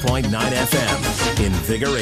101.9 FM. Invigorate.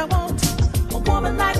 I want a woman like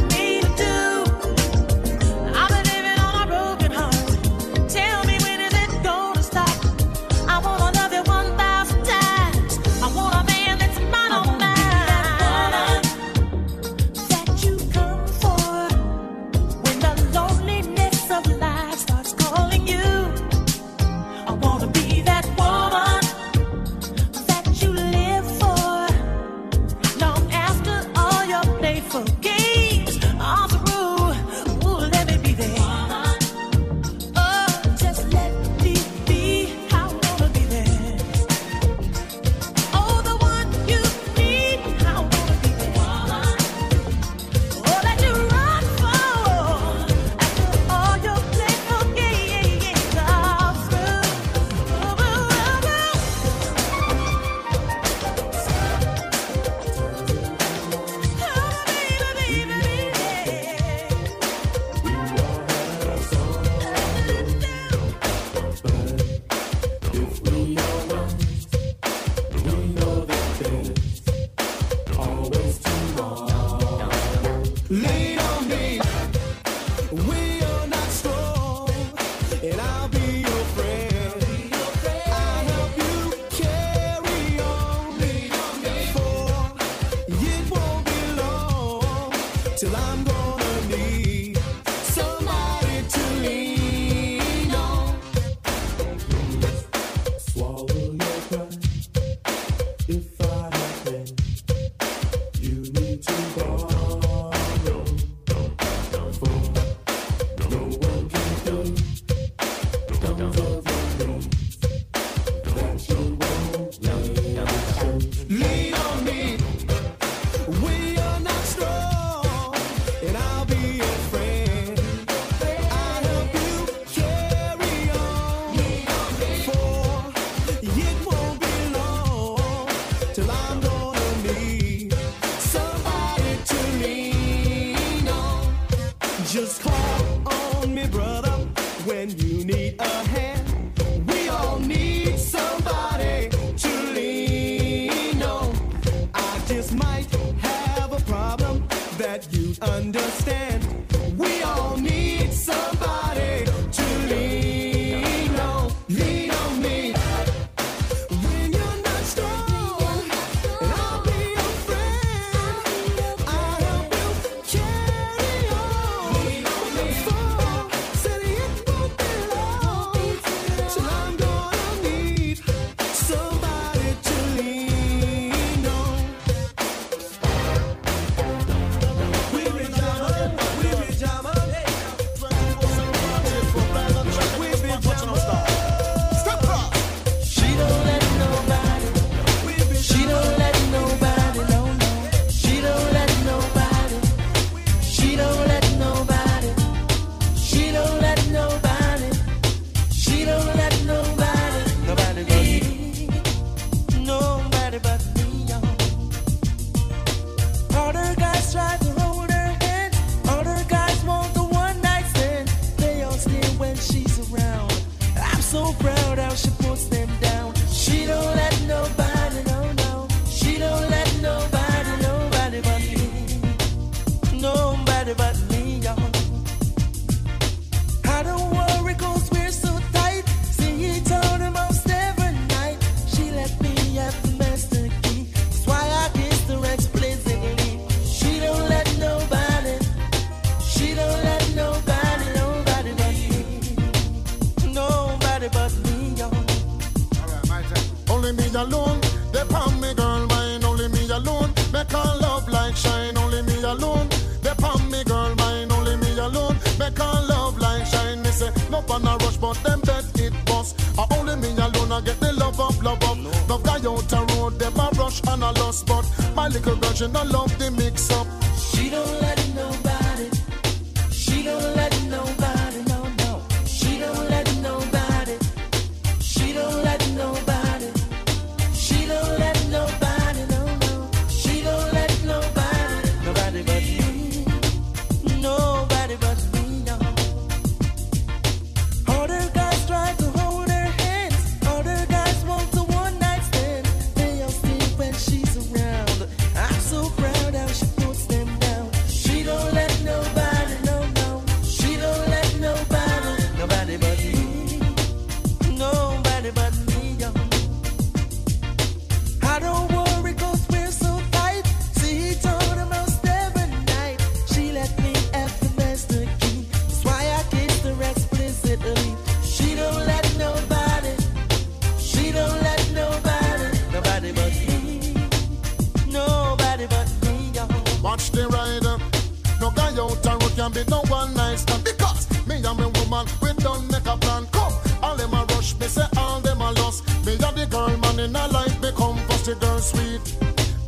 she girl sweet.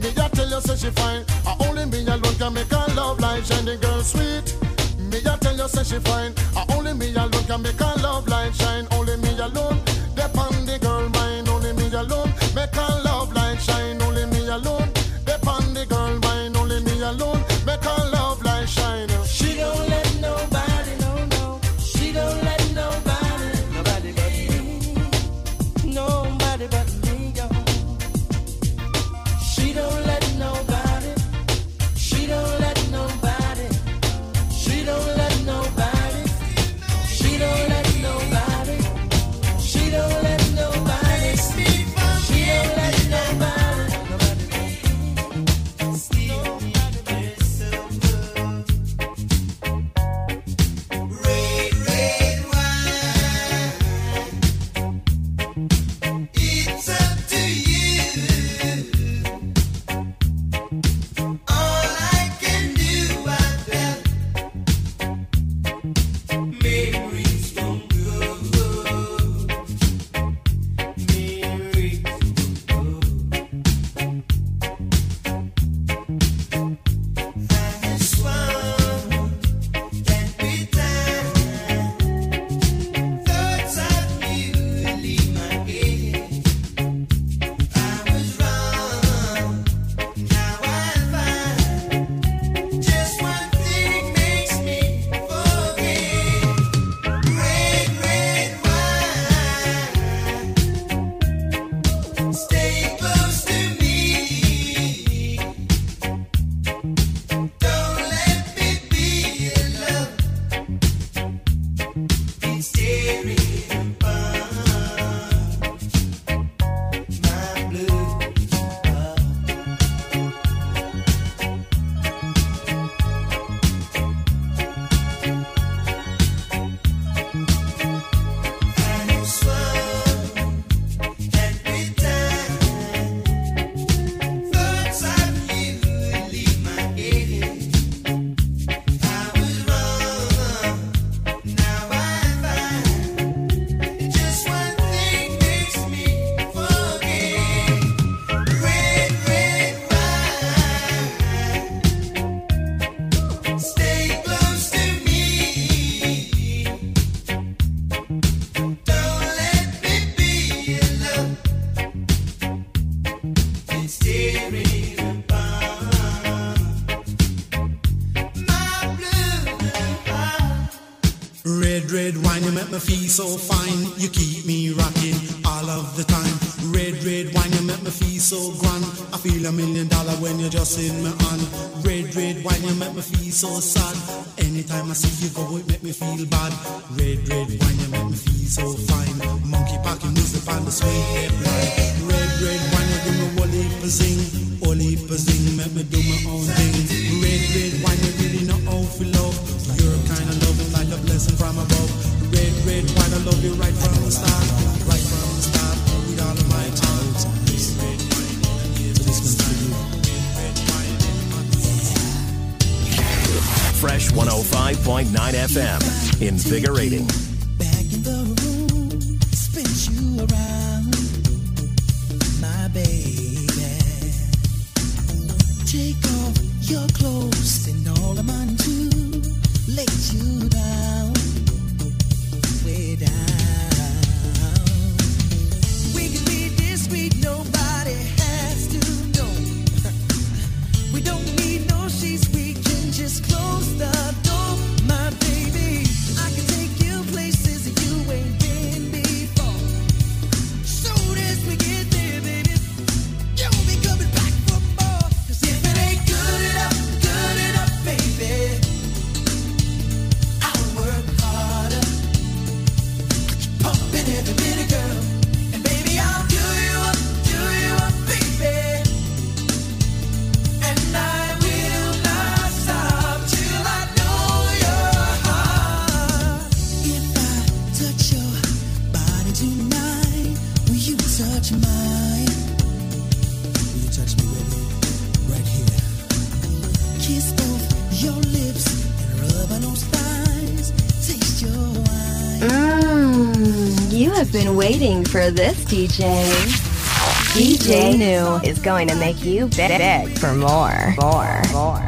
Me I tell you say she fine. I only me alone can make her love life shine. The girl sweet. Me I tell you say she fine. I only me alone can make her love life shine. Only me alone. so fine, you keep me rocking all of the time. Red, red wine, you make me feel so grand. I feel a million dollar when you're just in my hand. Red, red wine, you make me feel so sad. Anytime I see you go, it make me feel bad. Red, red wine, you make me feel so fine. Monkey packing music on the sweet FM. Invigorating. for this DJ. DJ New is going to make you beg for more, more, more.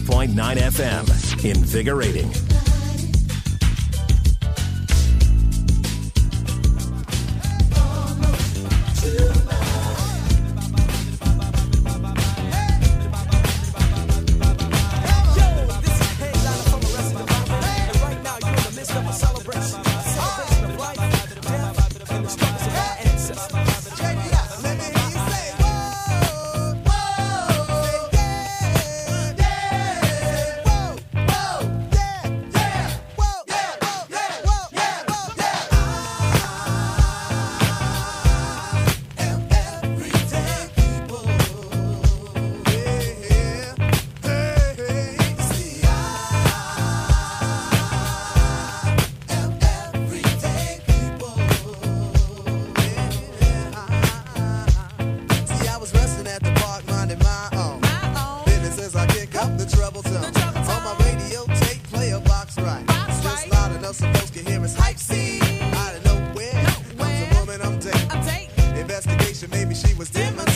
105.9 FM. Invigorating. Maybe she was different.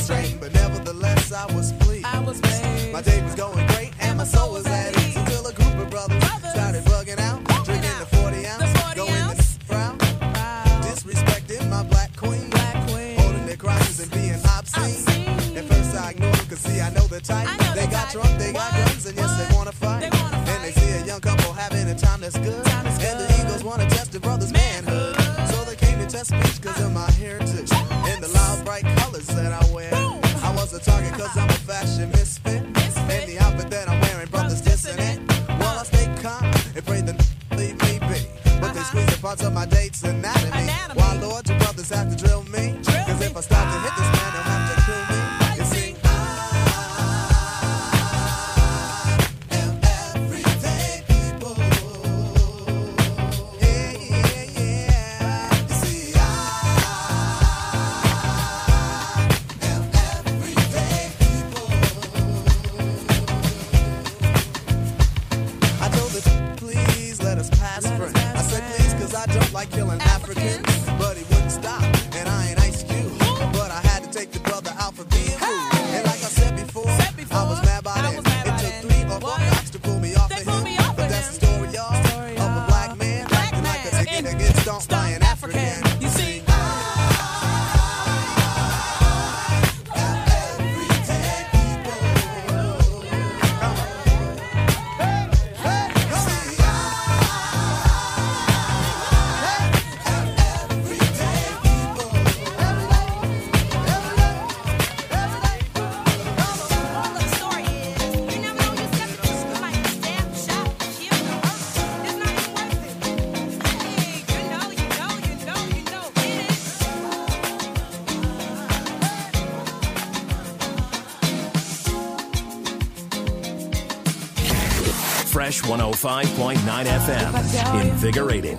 5.9 FM. Invigorating.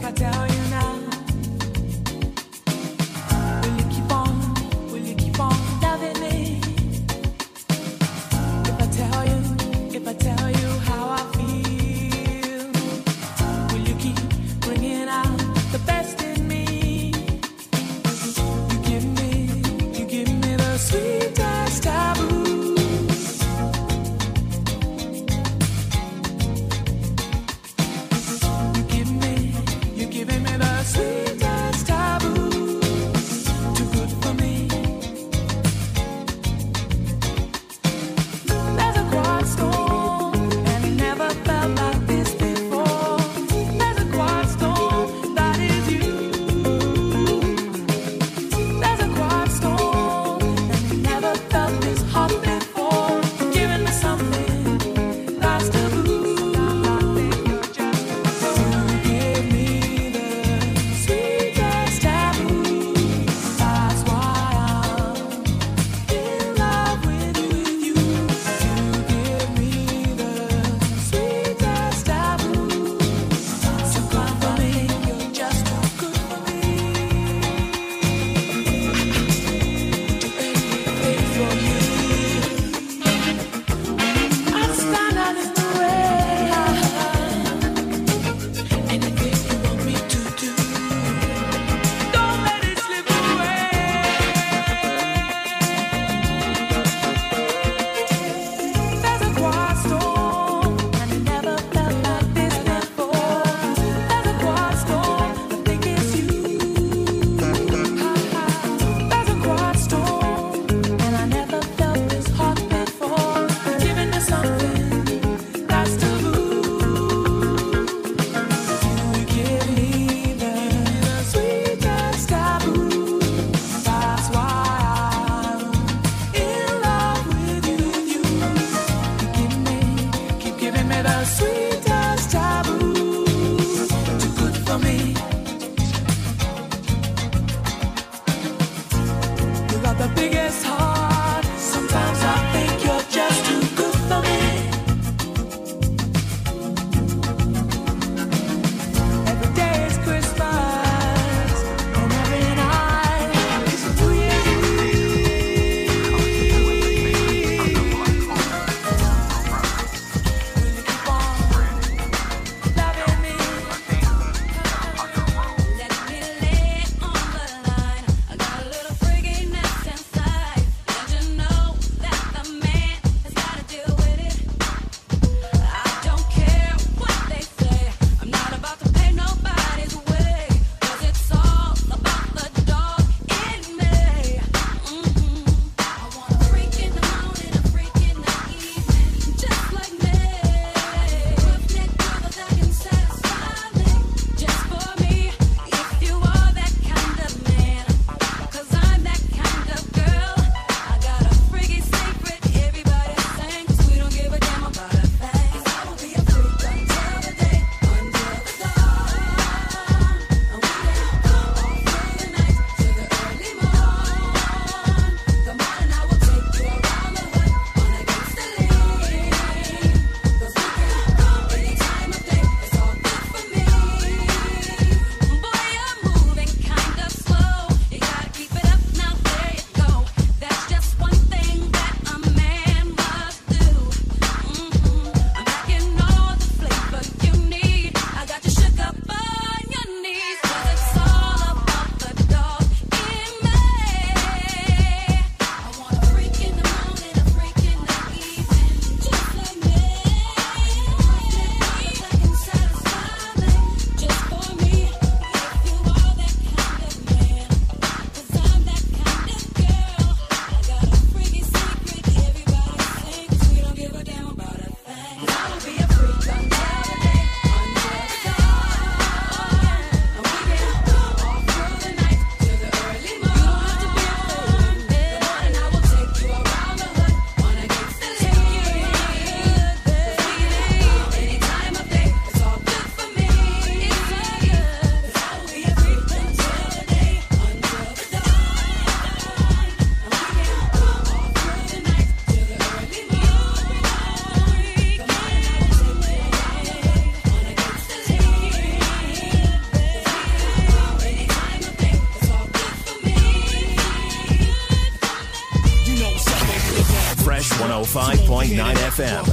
FM.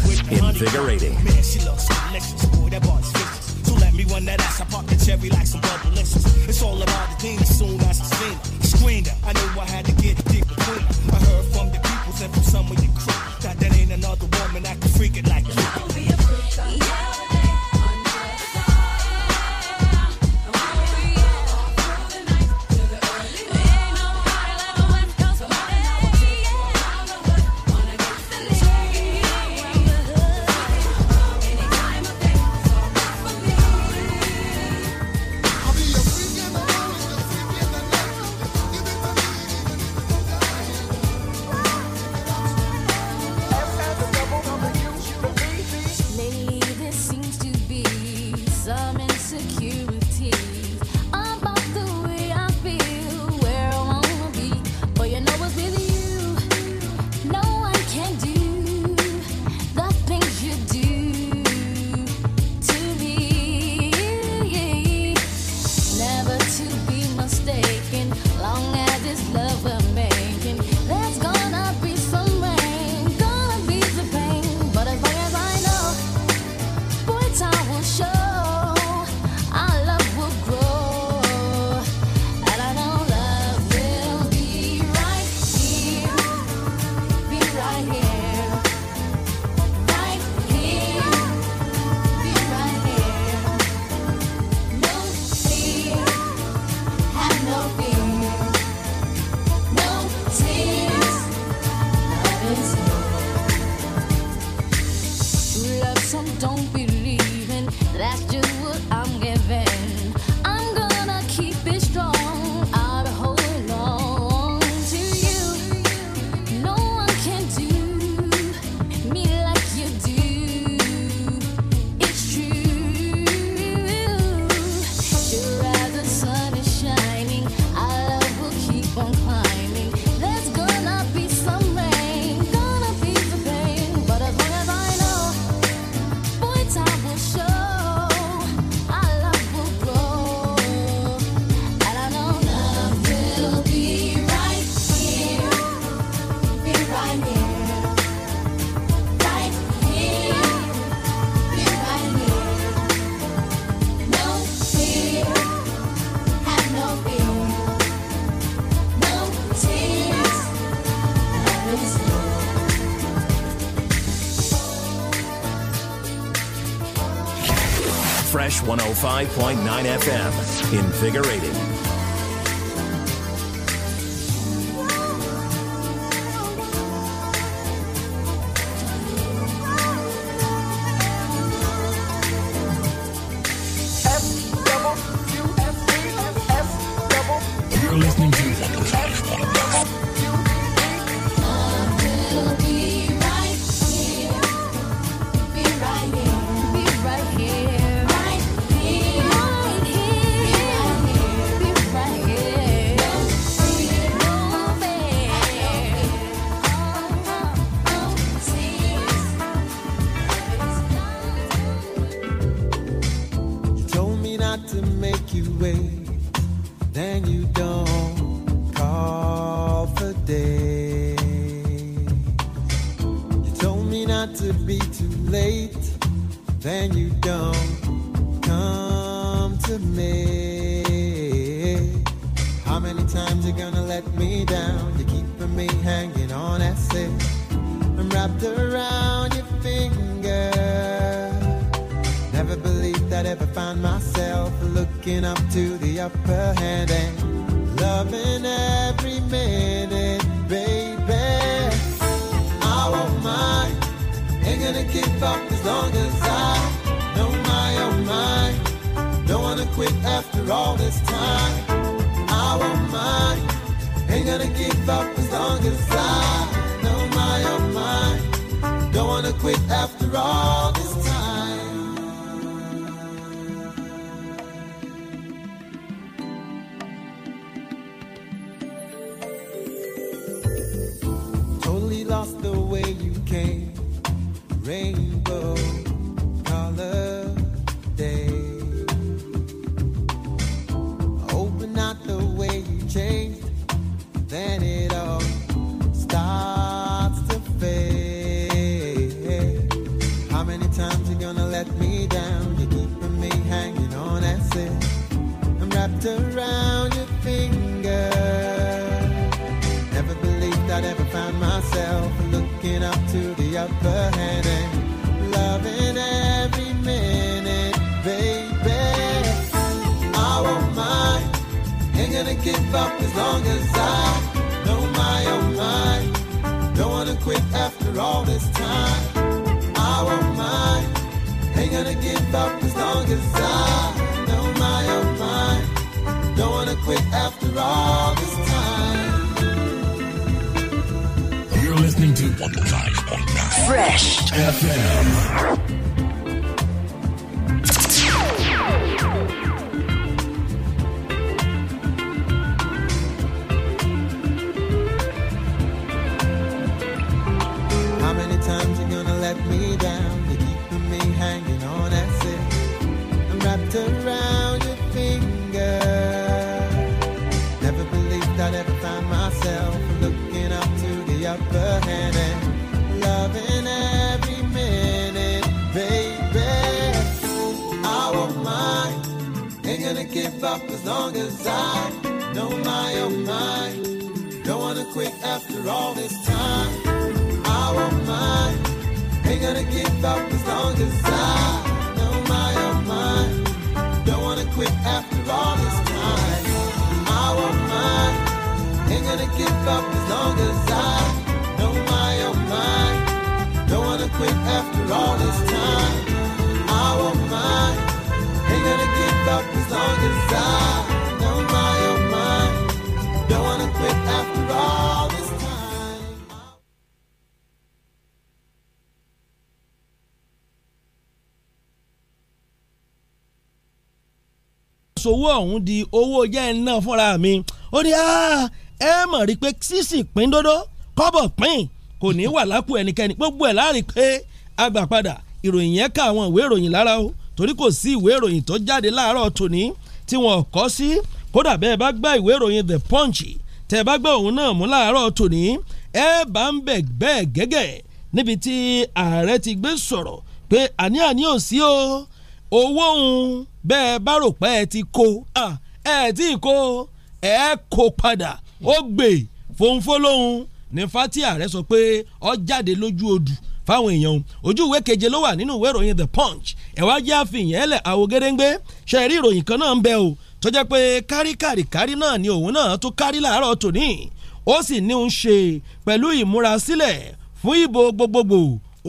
Invigorating. 105.9 FM. Invigorating. around, you're keeping me hanging on at six. I'm wrapped around your finger. Never believed I'd ever find myself looking up to the upper hand and loving every minute, baby. I won't mind, ain't gonna give up as long as I know my own mind. Don't wanna quit after all this time. I won't mind. Ain't gonna give up as long as I know my own mind. Don't wanna quit after all this time. give up as long as I know my own mind. Don't wanna quit after all this time. I won't mind. Ain't gonna give up as long as I know my own mind. Don't wanna quit after all this time. You're listening to 105.9 Fresh FM. up as long as I know my own oh mind. Don't wanna quit after all this time. I won't mind. Ain't gonna give up as long as I know my own oh mind. Don't wanna quit after all this time. I won't mind. Ain't gonna give up as long as I know my own oh mind. Don't wanna quit after all this time. sowó ọ̀hún di owó jẹ́ iná fúnra mi ó ní ah, ẹ mọ̀ rí pé sísì pín dódó kọ́bọ̀ pín kò ní wà lápò ẹnikẹ́ni gbogbo ẹ̀ láàrin pé àgbà padà ìròyìn yẹn ká àwọn ìwé ìròyìn lára o torí kò sí ìwé ìròyìn tó jáde láàárọ̀ tòní tí wọn kọ sí kódà bẹ́ẹ̀ bá gbá ìwé ìròyìn the punch tẹ́ bá gbé òun náà mú láàárọ̀ tòní ẹ bá ń bẹ̀ bẹ́ẹ̀ gẹ́gẹ́ níbi tí ààrẹ ti gbé sọ̀rọ̀ pé àní àní ò sí o owó òun bẹ́ẹ̀ bá rò pé ẹ ti kó ẹ ti kó ẹ kó padà ó gbè fòǹfòlóhùn ní fati ààrẹ sọ pé ọ jáde lójú odù fáwọn èèyàn ojú ìwé keje ló wà nínú ìwé ìròyìn the punch ẹ̀wá jẹ́ àfihàn ẹ̀lẹ̀ àwògedengbe ṣe rí ìròyìn kan náà ń bẹ o pé kárí-kárí-kárí náà ni òun náà tó kárí làárọ̀ tòní ó sì ní ń ṣe pẹ̀lú ìmúrasílẹ̀ fún ìbò gbogbogbò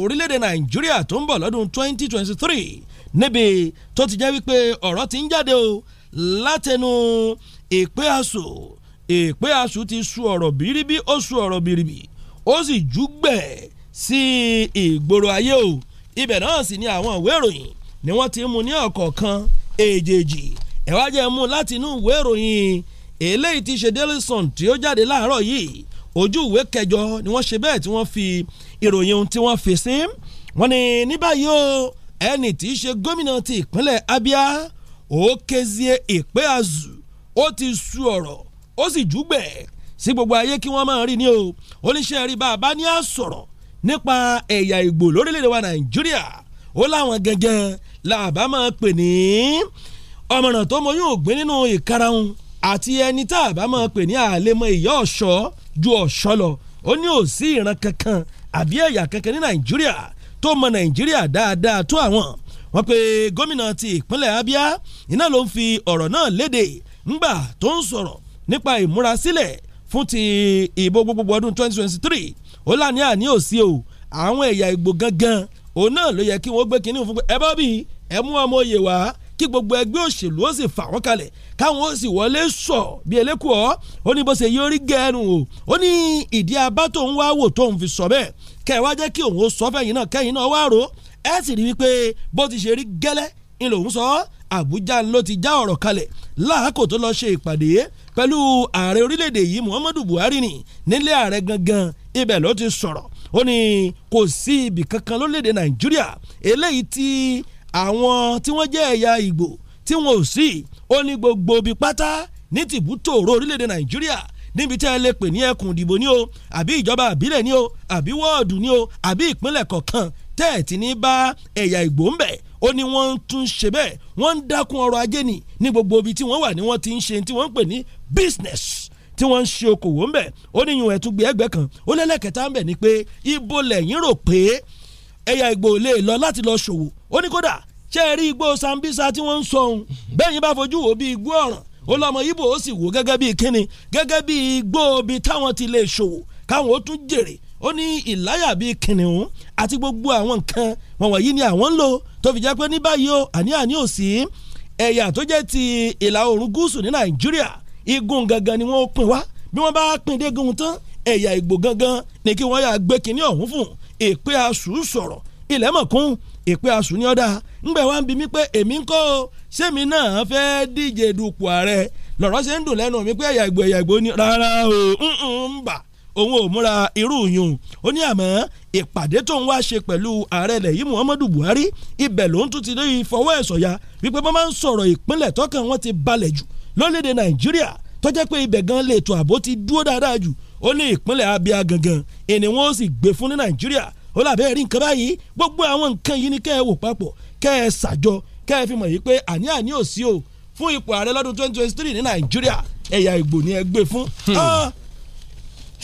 orílẹ̀-èdè nàìjíríà tó ń bọ̀ lọ́dún 2023 níbi tó ti jẹ́ wípé ọ̀rọ̀ ti ń jáde o látẹnu ìpè àṣù ìpè àṣù ti su ọ̀rọ̀ bìrìbì ó su ọ̀rọ̀ bìrìbì ó sì júgbẹ̀ sí ìgboro ayé o ibẹ̀ náà sì ni àwọn ìwé ìròyìn ni wọ́n ti mú ní ọ̀kọ̀ọ̀kan èjèèjì ẹ mú láti inú ìwé ìròyìn eléyìí ti ṣe Daily tí ó jáde láàárọ̀ yìí ojú ìwé kẹjọ ni wọ́n ṣe bẹ́ẹ̀ tí wọ́n fi ìròyìn ohun tí wọ́n fi sí wọ́n ní ní báyìí o ẹni tí í ṣe gómìnà ti ìpínlẹ̀ Abia Okezie Ikpeazu ó ti su ọ̀rọ̀ ó sì júgbẹ̀ sí gbogbo ayé kí wọ́n máa rí ni o oníṣẹ́ rí bá a bá ní à sọ̀rọ̀ nípa ẹ̀yà Ìgbò lórílẹ̀‐èdè wa Nàìjíríà ó láwọn gẹ́gẹ́ làbá máa pè ní ọmọràn tó mọyún ògbín nínú ìkarahun àti ẹni tá a bá máa pè ní àlèmọ̀ ìyá ọ̀ṣọ́ ju ọ̀ṣọ́ lọ ó ní ò ìran kankan àbí ẹ̀yà kankan ní Nàìjíríà tó mọ nàìjíríà dáadáa tó àwọn wọ́n pe gómìnà ti ìpínlẹ̀ abia iná ló ń fi ọ̀rọ̀ náà léde ńgbà tó ń sọ̀rọ̀ nípa ìmúrasílẹ̀ fún ti ìbò gbogbogbò ọdún 2023 ó lání àní òsì o àwọn ẹ̀yà ìgbò gangan òun náà ló yẹ kí wọ́n gbé kinní fún pé ẹ bá bí ẹ mú ọmọ òye wá kí gbogbo ẹgbẹ́ òṣèlú ó sì fà wọ́n kalẹ̀ káwọn ó sì wọlé sọ bí eléku ọ́ ó ní bó ṣe yí orí gẹ̀ẹ́nu o ó ní ìdí abá tó ń wá wò tó ń fi sọ bẹ́ẹ̀ kẹ́ ẹ wá jẹ́ kí òun ó sọ fẹ́yìn náà kẹ́yìn náà wá rò ẹ sì rí wípé bó ti ṣe rí gẹ́lẹ́ ń lòún sọ Àbújá ló ti já ọ̀rọ̀ kalẹ̀ láàkó tó lọ ṣe ìpàdé pẹ̀lú ààrẹ orílẹ̀-èdè yìí Muhammadu Buhari ni nílé ààrẹ gangan ibẹ̀ ló ti sọ̀rọ̀ ó ní kò sí ibì kankan lórílẹ̀‐èdè nàìjíríà eléyìí tí àwọn tí wọ́n jẹ́ ẹ̀yà ìgbò tí wọn ò sí ó ní gbogbo ibi pátá ní tìbútò òró orílẹ̀-èdè nàìjíríà níbi tí ẹ lè pè ní ẹkùn ìdìbò ni o àbí ìjọba àbílẹ̀ ni o àbí wọ́ọ̀dù ni o àbí ìpínlẹ̀ kọ̀ọ̀kan tẹ́ẹ̀tì ní bá ẹ̀yà ìgbò ń bẹ̀ ó ní wọ́n ń tún ṣe bẹ́ẹ̀ wọ́n ń dákun ọrọ̀ ajé ni ní gbogbo ibi tí wọ́n wà ní wọ́n ti ń ṣe tí wọ́n ń pè ní business tí wọ́n ń ṣe okòwò ń bẹ̀ ó ní yun ẹ̀túgbẹ́ ẹgbẹ́ kan ó lẹ́lẹ́kẹta ń bẹ̀ ni pé ibo lẹ́yìn rò pé ẹ̀yà ìgbò lè lọ láti lọ ṣòwò ó ní kódà ṣé ẹ rí igbó Sambisa tí wọ́n ń sọ ohun bẹ́ẹ̀yin bá fojú wò bí igbó ọ̀ràn ó lọ́mọ Ìgbò ó sì wò gẹ́gẹ́ bí kínni gẹ́gẹ́ bí igbó ibi táwọn ti lè ṣòwò káwọn ó tún jèrè ó ní ìláyà bíi kìnìún àti gbogbo àwọn nǹkan wọn wọ̀nyí ni àwọn ń lò tó fi jẹ́ pé ní báyìí o àní àní ò sí ẹ̀yà tó jẹ́ ti ìlà oòrùn gúúsù ní Nàìjíríà igun gangan ni wọ́n pín wá bí wọ́n bá pín dé tán ẹ̀yà Ìgbò gangan ni kí wọ́n yà gbé kínní ọ̀hún fún èpè asù sọ̀rọ̀ ilẹ̀ mọ̀ kún èpè asù ní ọ̀dà ńgbẹ̀ wá ń bi mí pé èmi ń kọ́ sẹ́mi náà fẹ́ díje dupò ààrẹ lọ́rọ̀ ṣe ń dùn lẹ́nu mi pé ẹ̀yà ìgbò ẹ̀yà ìgbò ni rárá o ń bà òun ò múra irú yùn ó ní àmọ́ ìpàdé tó ń wá ṣe pẹ̀lú ààrẹ ilẹ̀ yìí Muhammadu Buhari ibẹ̀ ló ń tún ti lè fọwọ́ ẹ̀ sọ̀yà wípé bọ́n máa ń sọ̀rọ̀ ìpínlẹ̀ tọ́kàn wọn ti balẹ̀ jù lórílẹ̀ Nàìjíríà tó pé ibẹ̀ gan lè tó àbó ti dúró dáadáa jù ó ní ìpínlẹ̀ Abia gangan ẹni wọn ó sì gbé fún ní Nàìjíríà ó làbẹ́ rí nǹkan báyìí gbogbo àwọn nǹkan yìí ni kẹ́ ẹ wò papọ̀ kẹ́ ẹ ṣàjọ kẹ́ ẹ fi mọ̀ yìí pé àní àní ò sí o fún ipò ààrẹ lọ́dún twenty twenty three ní Nàìjíríà ẹ̀yà Ìgbò ni ẹ gbé fún.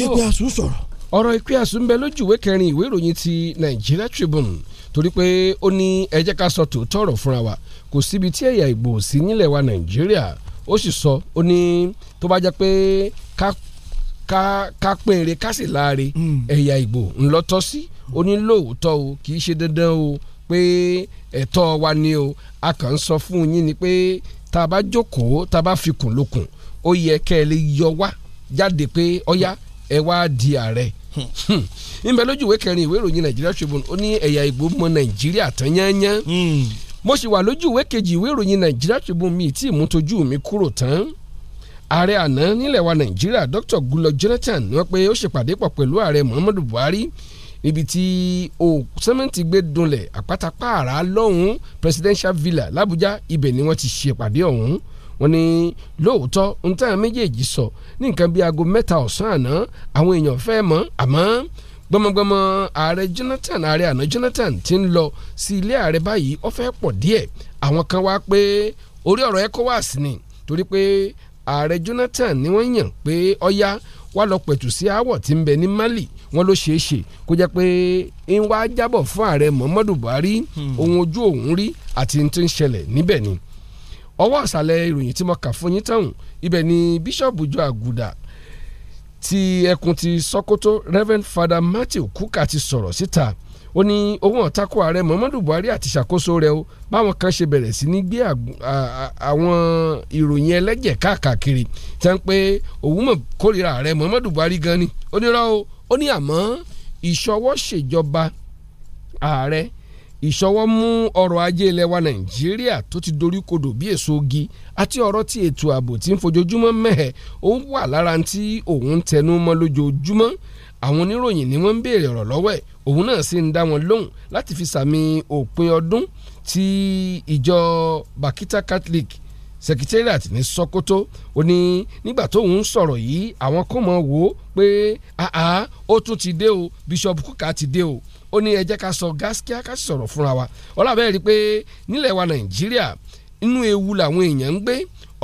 Ikpeasu hmm. ah, oh. sọ̀rọ̀. ọ̀rọ̀ Ikpeasu ń bẹ lójú kẹrin ìwé ìròyìn ti Nigeria Tribune torí pé ó ní ẹ jẹ́ ká sọ tòótọ́ ọ̀rọ̀ fúnra wa kò síbi tí ẹ̀yà Ìgbò sí nílẹ̀ wa Nàìjíríà ó sì sọ ó ní tó bá jẹ́ pé ká ká ká péré ká sì láre hmm. ẹ̀yà ìgbò ńlọtọ́ sí onílòótọ́ o kì í ṣe dandan o pé ẹ̀tọ́ wa ni o a kàn ń sọ fún yín ni pé tá a bá jókòó tá a bá fi kùn lókun ó yẹ kẹ́ ẹ lè yọ wá jáde pé ọ̀yá ẹ wá di ààrẹ nbẹ hmm. hmm. lójú kẹrin ìwé ìròyìn Nàìjíríà Tribune ó ní ẹ̀yà ìgbò mọ Nàìjíríà tán yányán mo sì wà lójú ìwé kejì ìwé ìròyìn Nàìjíríà Tribune mi tí ìmútojú mi kúrò tán ààrẹ àná nílẹ̀ wa nàìjíríà dr goodluck jonathan ni wọ́n pé ó ṣèpàdé pọ̀ pẹ̀lú ààrẹ muhammadu buhari níbi tí sẹ́mẹ́ǹtì gbé dunlẹ̀ àpátápààrà lọ́hùn presidential villa làbújá ibẹ̀ ni wọ́n ti ṣèpàdé ọ̀hún wọ́n ní lóòótọ́ nǹkan méjèèjì sọ ní nǹkan bíi aago mẹ́ta ọ̀sán àná àwọn èèyàn fẹ́ mọ̀ àmọ́ gbọmọgbọmọ ààrẹ jonathan ààrẹ àná jonathan ti ń lọ sí ilé ààrẹ báyìí ó fẹ́ pọ̀ díẹ̀ àwọn kan wá pé orí ọ̀rọ̀ ecowas ni torí pé ààrẹ Jonathan ni wọ́n yàn pé ọ̀yá wá lọ pẹ̀tù sí aáwọ̀ tí ń bẹ ní Mali wọ́n ló ṣeé ṣe kó jẹ́ pé ń wá jábọ̀ fún ààrẹ Muhammadu Buhari hmm. ohun ojú òun rí àti tí ń ṣẹlẹ̀ níbẹ̀ ni ọwọ́ àṣàlẹ̀ ìròyìn tí mo kà fún yín táwọn ibẹ̀ ni bíṣọ̀bù jọ àgùdà ti ẹkùn ti Sokoto Reverend Father Matthew Kuka ti sọ̀rọ̀ síta si ó ní owó ọ̀tako ààrẹ muhammadu buhari àti ìṣàkóso rẹ̀ o báwọn kan ṣe bẹ̀rẹ̀ sí ní gbé àwọn ìròyìn ẹlẹ́jẹ̀ káàkiri tí wọ́n pe òun mọ̀ kórìíra ààrẹ muhammadu buhari gan ni ó ní rọ́ o ó ní àmọ́ ìṣọwọ́ ṣèjọba ààrẹ ìṣọwọ́ mú ọrọ̀ ajé ilẹ̀ wa nàìjíríà tó ti dorí kodò bí èso ogi àti ọ̀rọ̀ ti ètò ààbò tí ń fojoojúmọ́ mẹ́hẹ̀ ó wà lára tí òun tẹnu mọ́ lójoojúmọ́ àwọn oníròyìn ni wọ́n ń béèrè ọ̀rọ̀ lọ́wọ́ ẹ̀ òun náà sì ń dá wọn lóhùn láti fi sàmì òpin ọdún tí ìjọ Bakita Catholic secretariat ní Sokoto ó ní nígbà tóun ń sọ̀rọ̀ yìí àwọn kò mọ̀ wò ó pé àá ó tún ti dé o Bishop Kuka ti dé o ó ní ẹ ká sọ gáskíá ká sì sọ̀rọ̀ fúnra wa ọlọ́bẹ̀ rí i pé nílẹ̀ wa Nàìjíríà inú ewu làwọn èèyàn ń gbé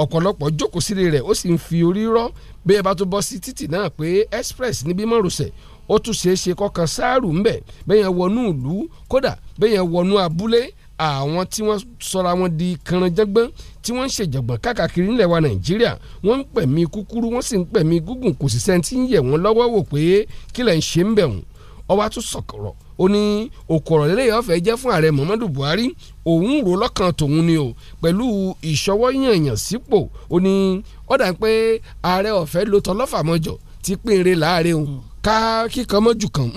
ọ̀pọ̀lọpọ̀ jókòó sílé rẹ̀ ó sì ń fi orí rọ́ bí ẹ bá tó bọ́ sí títì náà pé express níbí mọ̀rùsẹ̀ ó tún ṣeé ṣe kọkàn sáàrù ńbẹ̀ bẹ́yẹn wọnú ìlú kódà bẹ́yẹn wọnú abúlé àwọn tí wọ́n sọra wọn di kànránjẹ́gbọ́n tí wọ́n ń ṣèjọ̀gbọ̀n káàkiri ńlẹ̀ wa nàìjíríà wọ́n ń pẹ̀mí kúkúrú wọ́n sì ń pẹ̀mí gúngùn kò sì sẹ́ni tí ń yẹ̀ wọ́n lọ́wọ́ wò pé kílẹ̀ ń ṣe ń bẹ̀ wọ́n tún sọ̀kọ̀rọ̀ ó ní òkò ọ̀rọ̀ lélẹ́yìn ọ̀fẹ́ jẹ́ fún ààrẹ Muhammadu Buhari òun rò lọ́kàn tòun ni o pẹ̀lú ìṣọwọ́yànyàn sípò ó ní ọ̀dà pé ààrẹ ọ̀fẹ́ ló tọ́ lọ́fàmọ́jọ ti pínrin láàrin òun ká kíkan mọ́jú kan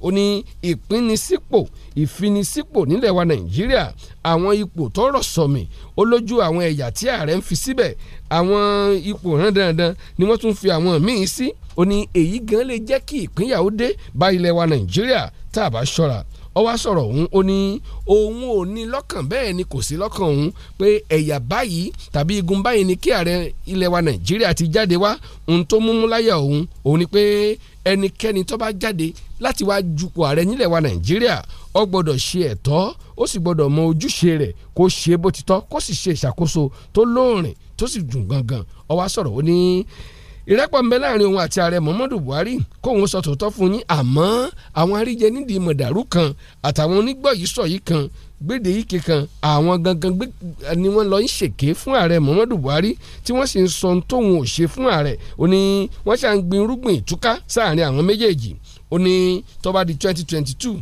ó ní ìpínisípò ìfinisípò nílẹ̀ wa nàìjíríà àwọn ipò tọrọ sọmi ó lójú àwọn ẹ̀yà tí ààrẹ ń fi síbẹ̀ àwọn ipò hàn dandan ni wọ́n tún fi àwọn míì sí ó ní èyí gan lè jẹ́ kí ìpínyà ó dé bá ilẹ̀ wa nàìjíríà tá a bá ṣọ́ra ó wá sọ̀rọ̀ òun ó ní òun ò ní lọ́kàn bẹ́ẹ̀ ni kò sí lọ́kàn òun pé ẹ̀yà báyìí tàbí igun báyìí ni kí ààrẹ ilẹ̀ wa nàìjíríà ti jáde wá ohun tó múmú láyà òun òun ni pé ẹnikẹ́ni tó bá jáde láti wá jupò ààrẹ nílẹ̀ wa nàìjíríà ó gbọ́dọ̀ ṣe ẹ̀tọ́ ó sì gbọ́dọ̀ mọ ojúṣe rẹ̀ kó ṣe bó ti tọ́ kó sì ṣe ìṣàkóso tó lóòrìn tó sì dùn gangan ó wá sọ̀rọ̀ ó ní ìrẹ́pọ̀ ńbẹ láàrin òun àti ààrẹ Muhammadu Buhari kóun sọ tòótọ́ fún yín àmọ́ àwọn aríjẹ nídìí mọ̀dàrú kan àtàwọn onígbọ̀ yìí sọ yìí kan gbèdé yìí kankan àwọn gangan ni wọ́n lọ ń ṣèké fún ààrẹ Muhammadu Buhari tí wọ́n sì ń sọ tóun ò ṣe fún ààrẹ ó ní wọ́n ṣà gbin irúgbìn ìtúká sáàrin àwọn méjèèjì ó ní tó di twenty twenty two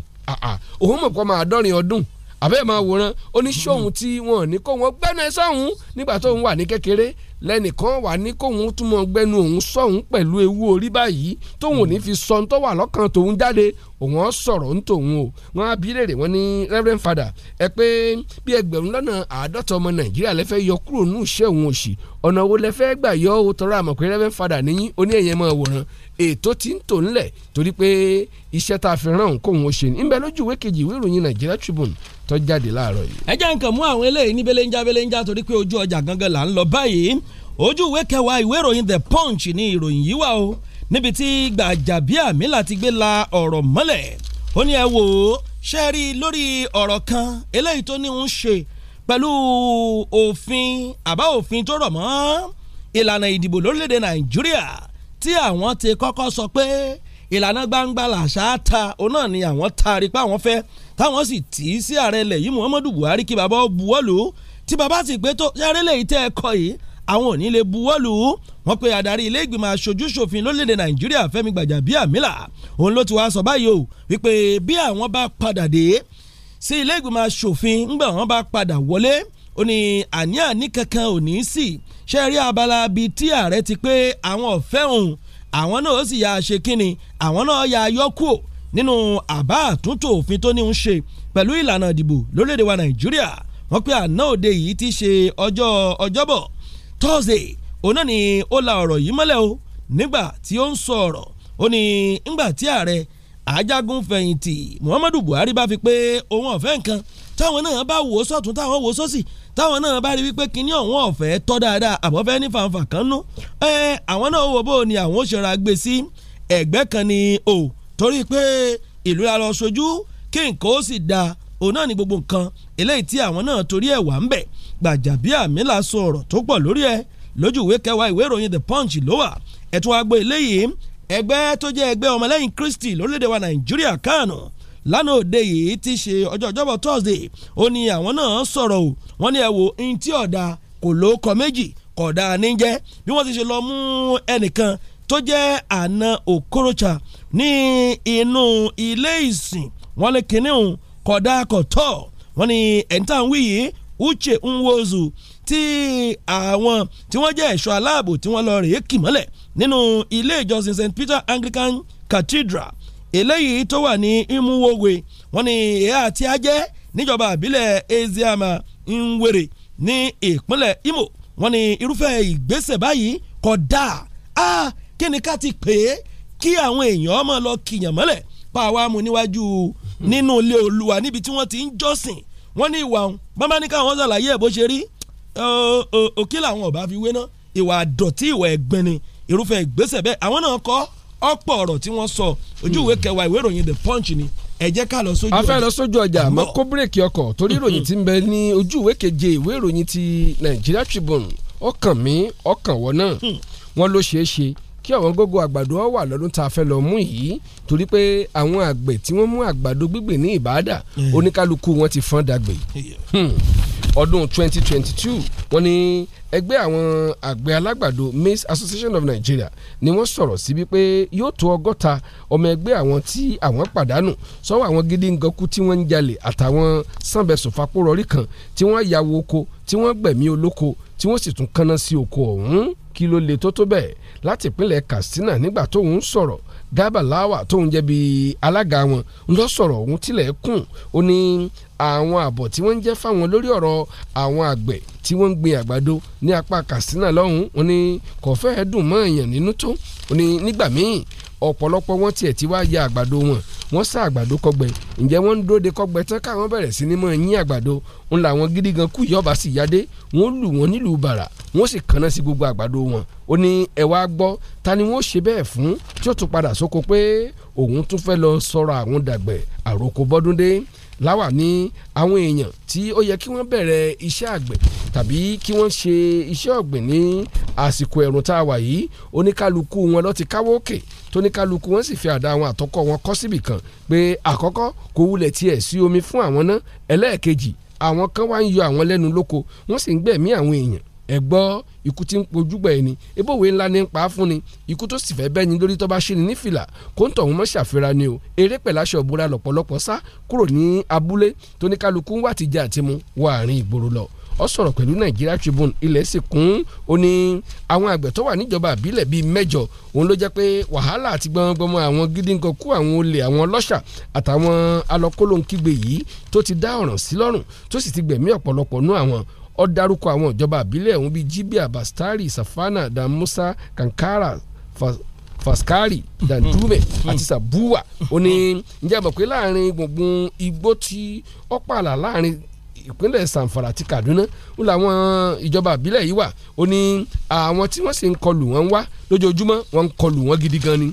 òun mọ̀ pé ọmọ àádọ́rin ọdún àbẹ́ẹ̀ máa wòran ó ní sóhun tí wọn ò ní kó wọn gbẹ́nu ẹ sọ́hun nígbà tóun wà ní kékeré lẹ́nìkan wà ní kóun tún mọ gbẹnu òun sọ̀hún pẹ̀lú ewu orí báyìí tóun ò ní fi sọ tó wà lọ́kàn tóun jáde òun sọ̀rọ̀ ń tòun o wọn á bí léèrè wọn ní reverend father ẹ pé bí ẹgbẹ̀rún lọ́nà àádọ́ta ọmọ nàìjíríà lẹ́fẹ́ yọ kúrò ní iṣẹ́ òun òṣì ọ̀nà wo lẹ́fẹ́ gbà yọ ó tọrọ àmọ̀ pé reverend father ní oníyẹ̀yẹ̀ mọ́ àwòrán ètò tí ń tò ńlẹ̀ torí pé iṣẹ́ tá a fi ràn kóun ó ṣe ń bẹ lójú ìwé kejì ìwé ìròyìn nàìjíríà tribune tó jáde láàárọ̀ yìí. ẹ jẹ́ nǹkan mú àwọn eléyìí ní belenja belenja torí pé ojú ọjà gangan là ń lọ báyìí ojú ìwé kẹwàá ìwé ìròyìn the punch ni ìròyìn yìí wà o níbi tí Gbajabiamila ti gbé la ọ̀rọ̀ mọ́lẹ̀ ó ní ẹ wò ó ṣe rí i lórí ọ̀rọ̀ kan eléyìí tó ní ń ṣe pẹ̀lú òfin àbá òfin tó rọ̀ mọ́ ìlànà ìdìbò lórílẹ̀‐èdè Nàìjíríà tí àwọn ti kọ́kọ́ sọ pé ìlànà gbangba làṣà ta òun náà ni àwọn taari pé àwọn fẹ́ẹ́ táwọn sì tì í sí ààrẹ ilẹ̀ yìí Muhammadu Buhari kí bàbá buwọ́lù tí bàbá sì pé tó sáré lè tẹ́ ẹ kọ yìí àwọn ò ní lè buwọ́lù wọ́n pe adarí ilé ìgbìmọ̀ aṣojú-ṣòfin lórílẹ̀‐èdè Nàìjíríà Fẹ́mi Gbàjàbíàmílà òun ló ti wá sọ báyìí o wípé bí àwọn bá padà dé sí ilé ìgbìmọ̀ aṣòfin ńgbà wọn bá padà wọlé ó ní àní kankan ò ní sí ṣe rí abala bíi tí ààrẹ ti pé àwọn ọ̀fẹ́ òun àwọn náà ó sì yà á ṣe kínni àwọn náà yà á yọ kúò nínú àbá àtúntò òfin tó ní ń ṣe pẹ̀lú ìlànà ìdìbò lórílẹ̀‐èdè wa nàìjíríà wọ́n pé àná òde yìí ti ṣe ọjọ́ ọjọ́bọ̀ thursday òun náà ni ó la ọ̀rọ̀ yìí mọ́lẹ̀ o nígbà tí ó ń sọ ọ̀rọ̀ ó ní ńgbà tí ààrẹ ajagun fẹ̀yìntì muhammadu buhari bá fi pé òun ọ̀fẹ́ nǹkan táwọn náà bá wò ó sọ̀tún táwọn wò ó sọ́sì táwọn náà bá rí wípé kinní ọ̀hún ọ̀fẹ́ tọ́ dáadáa àbọ̀fẹ́ ní fàǹfà kan nú ẹ àwọn náà wò bó ni àwọn ó ṣera gbé sí ẹ̀gbẹ́ kan ni o torí pé ìlú la lọ sojú kí nǹkan ó sì da òun náà ni gbogbo nǹkan eléyìí tí àwọn náà torí ẹ̀ wà ń bẹ̀ Gbàjàbíàmílà sọ ọ̀rọ̀ tó pọ̀ lórí ẹ̀ lójú ìwé kẹwàá ìwé ìròyìn The Punch ló wà ẹ̀tún agbo eléyìí ẹgbẹ́ tó jẹ́ ẹgbẹ́ ọmọlẹ́yìn Kristi lórílẹ̀‐èdè wa Nàìjíríà kánù lánàá òde yìí ti ṣe ọjọ́ ọjọ́bọ̀ Thursday ó ní àwọn náà sọ̀rọ̀ o wọ́n ní ẹ wo ntí ọ̀dà kò ló kọ méjì kódà níjẹ́ bí wọ́n ti ṣe lọ mú ẹnìkan tó jẹ́ àna Okorocha ní inú ilé ìsìn wọ́n ní kinní òun kọ̀dá kọ̀tọ̀ wọ́n ní ẹ̀ńtàwí yìí Uche Nwozu ti àwọn tí wọ́n jẹ́ ẹ̀ṣọ́ aláàbò tí wọ́n lọ rèé kì mọ́lẹ̀ nínú ilé ìjọsìn St Peter Anglican Cathedral eléyìí tó wà ní Imúwòwe wọ́n ni ìhà àti ajẹ́ níjọba àbílẹ̀ Ezeama Nwere ní ìpínlẹ̀ Imo wọ́n ní irúfẹ́ ìgbésẹ̀ báyìí kò dáa kí ni ká ti pè é kí àwọn èèyàn ọmọ lọ kìyàn mọ́lẹ̀ pa àwa mu níwájú nínú ilé olúwa níbi tí wọ́n ti ń jọ́sìn wọ́n ní ìwà ọ̀hún bàbá ní káwọn ṣàlàyé ẹ̀ bó ṣe rí òkè làwọn ọba fi wé ná ìwà àdọ̀tí ìwà ẹ̀gbin ni irúfẹ́ ìgbésẹ̀ bẹ́ẹ̀ àwọn náà kọ́ ọ̀pọ̀ ọ̀rọ̀ tí wọ́n sọ ojú ìwé kẹwàá ìwé ìròyìn the punch ni ẹ jẹ́ ká lọ sójú ọjà. a fẹ́ lọ sójú ọjà àmọ́ kó bírèkì ọkọ̀ torí ìròyìn tí ń bẹ ní ojú ìwé keje ìwé ìròyìn ti Nigeria Tribune ọkàn mi ọkàn wọ náà hmm. wọn ló ṣeé ṣe kí ọ̀wọ́n gógó àgbàdo ọ wà lọ́dún tá a fẹ́ lọ mú yìí torí pé àwọn àgbẹ̀ tí wọ́n mú àgbàdo gbígbìn ní ìbàdà mm. oníkálukú wọn ti fọ́n dàgbé hmm. ọdún 2022 wọ́n ní ẹgbẹ́ àwọn àgbẹ̀ alágbàdo maize association of nigeria ni wọ́n sọ̀rọ̀ síbi pé yóò tó ọgọ́ta ọmọ ẹgbẹ́ àwọn tí àwọn pàdánù sọ́wọ́ àwọn gidi ngọ́kú tí wọ́n ń jalè àtàwọn sànbẹ̀sọ̀fapó rọrí kan tí wọ́n ya wo oko tí wọ́n gbẹ̀mí olóko tí wọ́n sì tún kánná sí oko ọ̀hún. Hmm? kí ló le tó tó bẹ́ẹ̀ láti ìpínlẹ̀ Katsina nígbà tóun sọ̀rọ̀ Garba Lawal tóun jẹ́ bíi alága wọn lọ sọ̀rọ̀ òun tilẹ̀ kùn ó ní àwọn àbọ̀ tí wọ́n ń jẹ́ fáwọn lórí ọ̀rọ̀ àwọn àgbẹ̀ tí wọ́n ń gbin àgbàdo ní apá Katsina lọ́hùn-ún ó ní kò fẹ́ẹ́ dùn mọ́ èèyàn nínú tó ó ní nígbà míì ọ̀pọ̀lọpọ̀ wọn tiẹ̀ ti wá ya àgbàdo wọn wọ́n sá àgbàdo kọgbẹ ǹjẹ́ wọ́n ń dóde kọgbẹ tán káwọn bẹ̀rẹ̀ sí ni mọ̀ yín àgbàdo ń la wọn gidi gan kú yọba sì yáde wọ́n lù wọ́n nílùú bàrà wọ́n sì kanná sí gbogbo àgbàdo wọn ó ní ẹ wá gbọ́ ta ni wọ́n ṣe bẹ́ẹ̀ fún tí ó tún padà sóko pé òun tún fẹ́ lọ sọ̀rọ̀ àwọn dàgbẹ̀ àròkọ bọ́dúndé láwà ní àwọn èèyàn tí ó yẹ kí wọ́n bẹ̀rẹ̀ iṣẹ́ àgbẹ̀ tàbí kí wọ́n ṣe iṣẹ́ ọ̀gbìn ní àsìkò ẹ̀rùn tá a wà yìí oníkálukú wọn ló ti káwọ́ òkè tóníkálukú wọn sì fi àdá àwọn àtọkọ wọn kọ síbì kan pé àkọ́kọ́ kò wulẹ̀ tiẹ̀ sí omi fún àwọn náà ẹlẹ́ẹ̀kejì àwọn kan wá ń yọ àwọn lẹ́nu lóko wọ́n sì ń gbẹ̀mí àwọn èèyàn ẹ gbọ́ ikú tí ń pojúgbà ẹni ebówe ńlá ní ń pa á fún ni ikú tó sì fẹ́ẹ́ bẹ́ni lórí tó ṣe ni nífìlà kó ń tọ̀hún mọ́ ṣàfihàn ni o eré pẹ̀láṣẹ òbúra lọ̀pọ̀lọpọ̀ sá kúrò ní abúlé tóníkálukú ń wà tìjà àti mu wọ ìgboro lọ ọ sọ̀rọ̀ pẹ̀lú Nigeria Tribune ilẹ̀ sì kún ó ní àwọn àgbẹ̀ tó wà níjọba àbílẹ̀ bíi mẹ́jọ òun ló jẹ́ pé wàhálà àti gbọmọgbọmọ àwọn gídíǹkan kú àwọn olè àwọn ọlọ́ṣà àtàwọn alọ́kólóńkígbe yìí tó ti dá ọ̀ràn sí lọ́rùn tó sì ti gbẹ̀mí ọ̀pọ̀lọpọ̀ nú àwọn ó dárúkọ àwọn ìjọba àbílẹ̀ ọ̀hún bíi Jibia Bastari Safana damusa Kankara Fa faskari dandume hmm, hmm, hmm. àti sabuwa ó ní njẹ́ mọ̀ pé láàrin gbùngbùn igbó tí ó pààlà láàrin ìpínlẹ̀ sanfara ti kaduna ń làwọn ìjọba àbílẹ̀ yìí wà ó ní àwọn tí wọ́n sì ń kọlù wọn wá lójoojúmọ́ wọ́n ń kọlù wọn gidi gan ni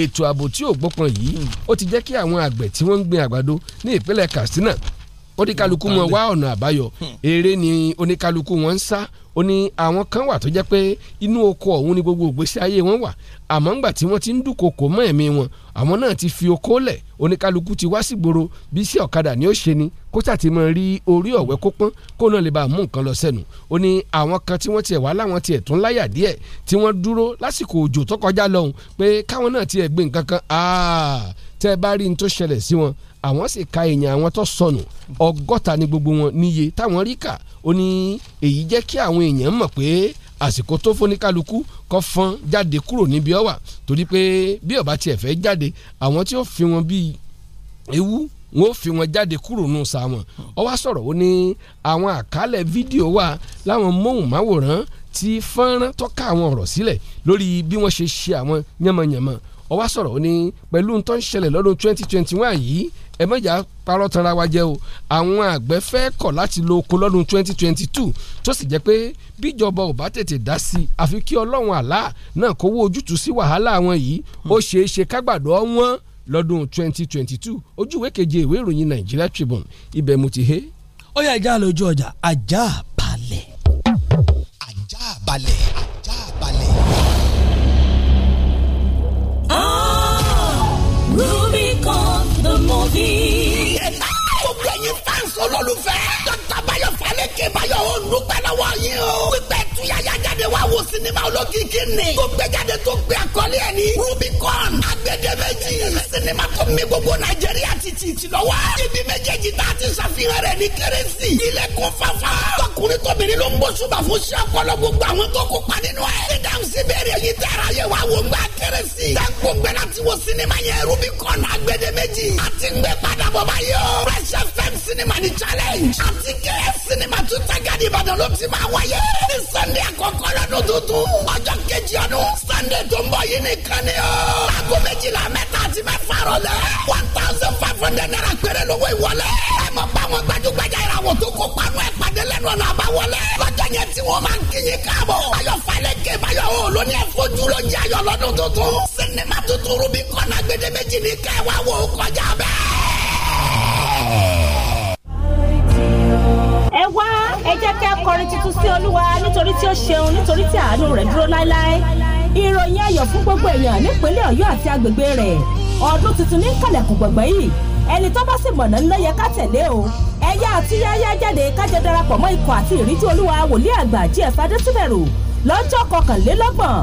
ètò ààbò tí ò gbópọn yìí ó ti jẹ́ kí àwọn àgbẹ̀ tí wọ́n ń gbin àgbàdo ní ìpínlẹ̀ katsina oníkálukú wọn wá ọ̀nà àbáyọ hmm. eré ni oníkálukú wọn ń sá ó ní àwọn kan wà tó jẹ́ pé inú oko ọ̀hún ni gbogbo ìgbésí ayé wọn wà àmọ́ ńgbà tí wọ́n ti ń dúnkokò mọ́ ẹ̀mí wọn àwọn náà ti fi oko lẹ̀ oníkálukú ti wá sígboro bí iṣẹ́ ọ̀kadà ni ó ṣe ni kó sàtì mọ́ rí orí ọ̀wẹ́ kó pọ́n kó náà lè bá mú nǹkan lọ sẹ́nu ó ní àwọn kan tí wọ́n tiẹ̀ wá láwọn tiẹ̀ tún láyà díẹ̀ tí wọ́n dúró lásìkò òjò tó kọjá lọ́hùn pé káwọn náà tiẹ̀ gbé nǹkan kan tẹ́ ẹ bá rí ní tó ṣẹlẹ̀ sí wọn àwọn sì ka èèyàn àwọn tó sọnù ọgọ́ta ni gbogbo wọn níye táwọn rí kà ó ní èyí jẹ́ kí àwọn èèyàn mọ̀ pé àsìkò tó fóníkálukú kọ́ fọ́n jáde kúrò níbi ọ wà torí pé bí ọba tiẹ̀ fẹ́ jáde àwọn tí ó fi wọn bíi ewu wọn ò fi wọn jáde kúrò nù sa wọn ọ wá sọ̀rọ̀ ó ní àwọn àkálẹ̀ fídíò wà láwọn móhùnmáwòrán ti fọ́nrán tọ́ka àwọn ọ̀rọ̀ sílẹ̀ lórí bí wọ́n ṣe ṣe àwọn yànmọ̀yànmọ̀ ó wá sọ̀rọ̀ ó ní pẹ̀lú tó ń ṣẹlẹ̀ lọ́dún twenty twenty one yìí ẹ mọ̀jà parọ́ tanra wa jẹ́ o àwọn àgbẹ̀ fẹ́ kọ̀ láti lo oko lọ́dún twenty twenty two tó sì jẹ́ pé bíjọba ò bá tètè dá sí i àfi kí ọlọ́run àlá náà kówó ojútùú sí wàhálà wọn yìí ó ṣeé ṣe kágbàdo wọn lọ́dún twenty twenty keje ìwé ìròyìn Nigeria Tribune ibẹ̀ mo ti he. ó yá ìjà lójú ọjà ajá balẹ̀. ajá balẹ̀ ajá balẹ̀. yìí. gbogbo ẹ̀yin fáǹsì olólùfẹ́. dọ́kítà báyọ̀ kí Báyọ̀ ó dúpẹ́ lọ́wọ́ yín o. pípẹ́ tuyaya jáde wá wo sinimá olókìkí ni. tó gbé jáde tó gbé àkọlé ẹ̀ ní. Rubicon agbẹdẹmẹjì. sinimá tó mi gbogbo Nàìjíríà ti ti ti lọ wá. ibi méjèèjì tá a ti ṣàfihàn rẹ̀ ní kérésì. ilẹ̀kùn fafa. tọkùnrin tóbìnrin ló ń bó ṣùgbọ́n fún ṣé ọpọlọ gbogbo àwọn tó kópa nínú ẹ̀. ìdáhùn sí bẹ́ẹ̀rẹ̀ yìí tẹ́ra yẹ wá wo ngbà kérésì. tẹ́kù gbẹ láti wo sinimá yẹn Rubicon agbẹdẹmẹjì. a ti gbẹ padà bọ̀ báyọ̀. fresh fm sinimá ni challenge. a ti kẹ́ sinimá tún tẹ́gẹ́dì ìbàdàn ló ti máa wáyé. ní sànńdé àkọ́kọ́ lọ́dún tuntun. ọjọ́ kejì ọdún sànńdé tó ń bọ̀ yìí nìkan ni o. aago méjìlá mẹ́ta àti mẹ́fà rọ̀lẹ́. one thousand five hundred naira péré lówó ìwọlé. ẹ mọ̀ pé àwọn gbajúgbajà ìràwọ̀ tó kó panu ẹ̀ pàdé lẹ́nu ọ̀nà àbáwọlé. lọ́jọ́ yẹn tí wọ́n máa ń kíyìn káàbọ̀. ayọ̀ falẹ̀ ké bayọ̀ o ló ní ẹ̀fọ́jú ló jẹ́ ayọ̀ lọ́dún tuntun. kí a kọrin tuntun sí olúwa nítorí tí ó ṣeun nítorí tí àánú rẹ̀ dúró láéláé ìròyìn ayọ̀ fún gbogbo èèyàn nípínlẹ̀ ọ̀yọ́ àti agbègbè rẹ̀ ọdún tuntun ní kàlẹ̀kùn gbọ̀ngbọ̀n yìí ẹni tó bá sì mọ̀nà ńlọ yẹ ká tẹ̀lé o ẹ̀yà àti yáyá jáde kájọ darapọ̀ mọ́ ikọ̀ àti ìríjú olúwa wòlíì àgbà J.F. Adétúbẹ̀rù lọ́jọ́ kọkànlélọ́gbọ̀n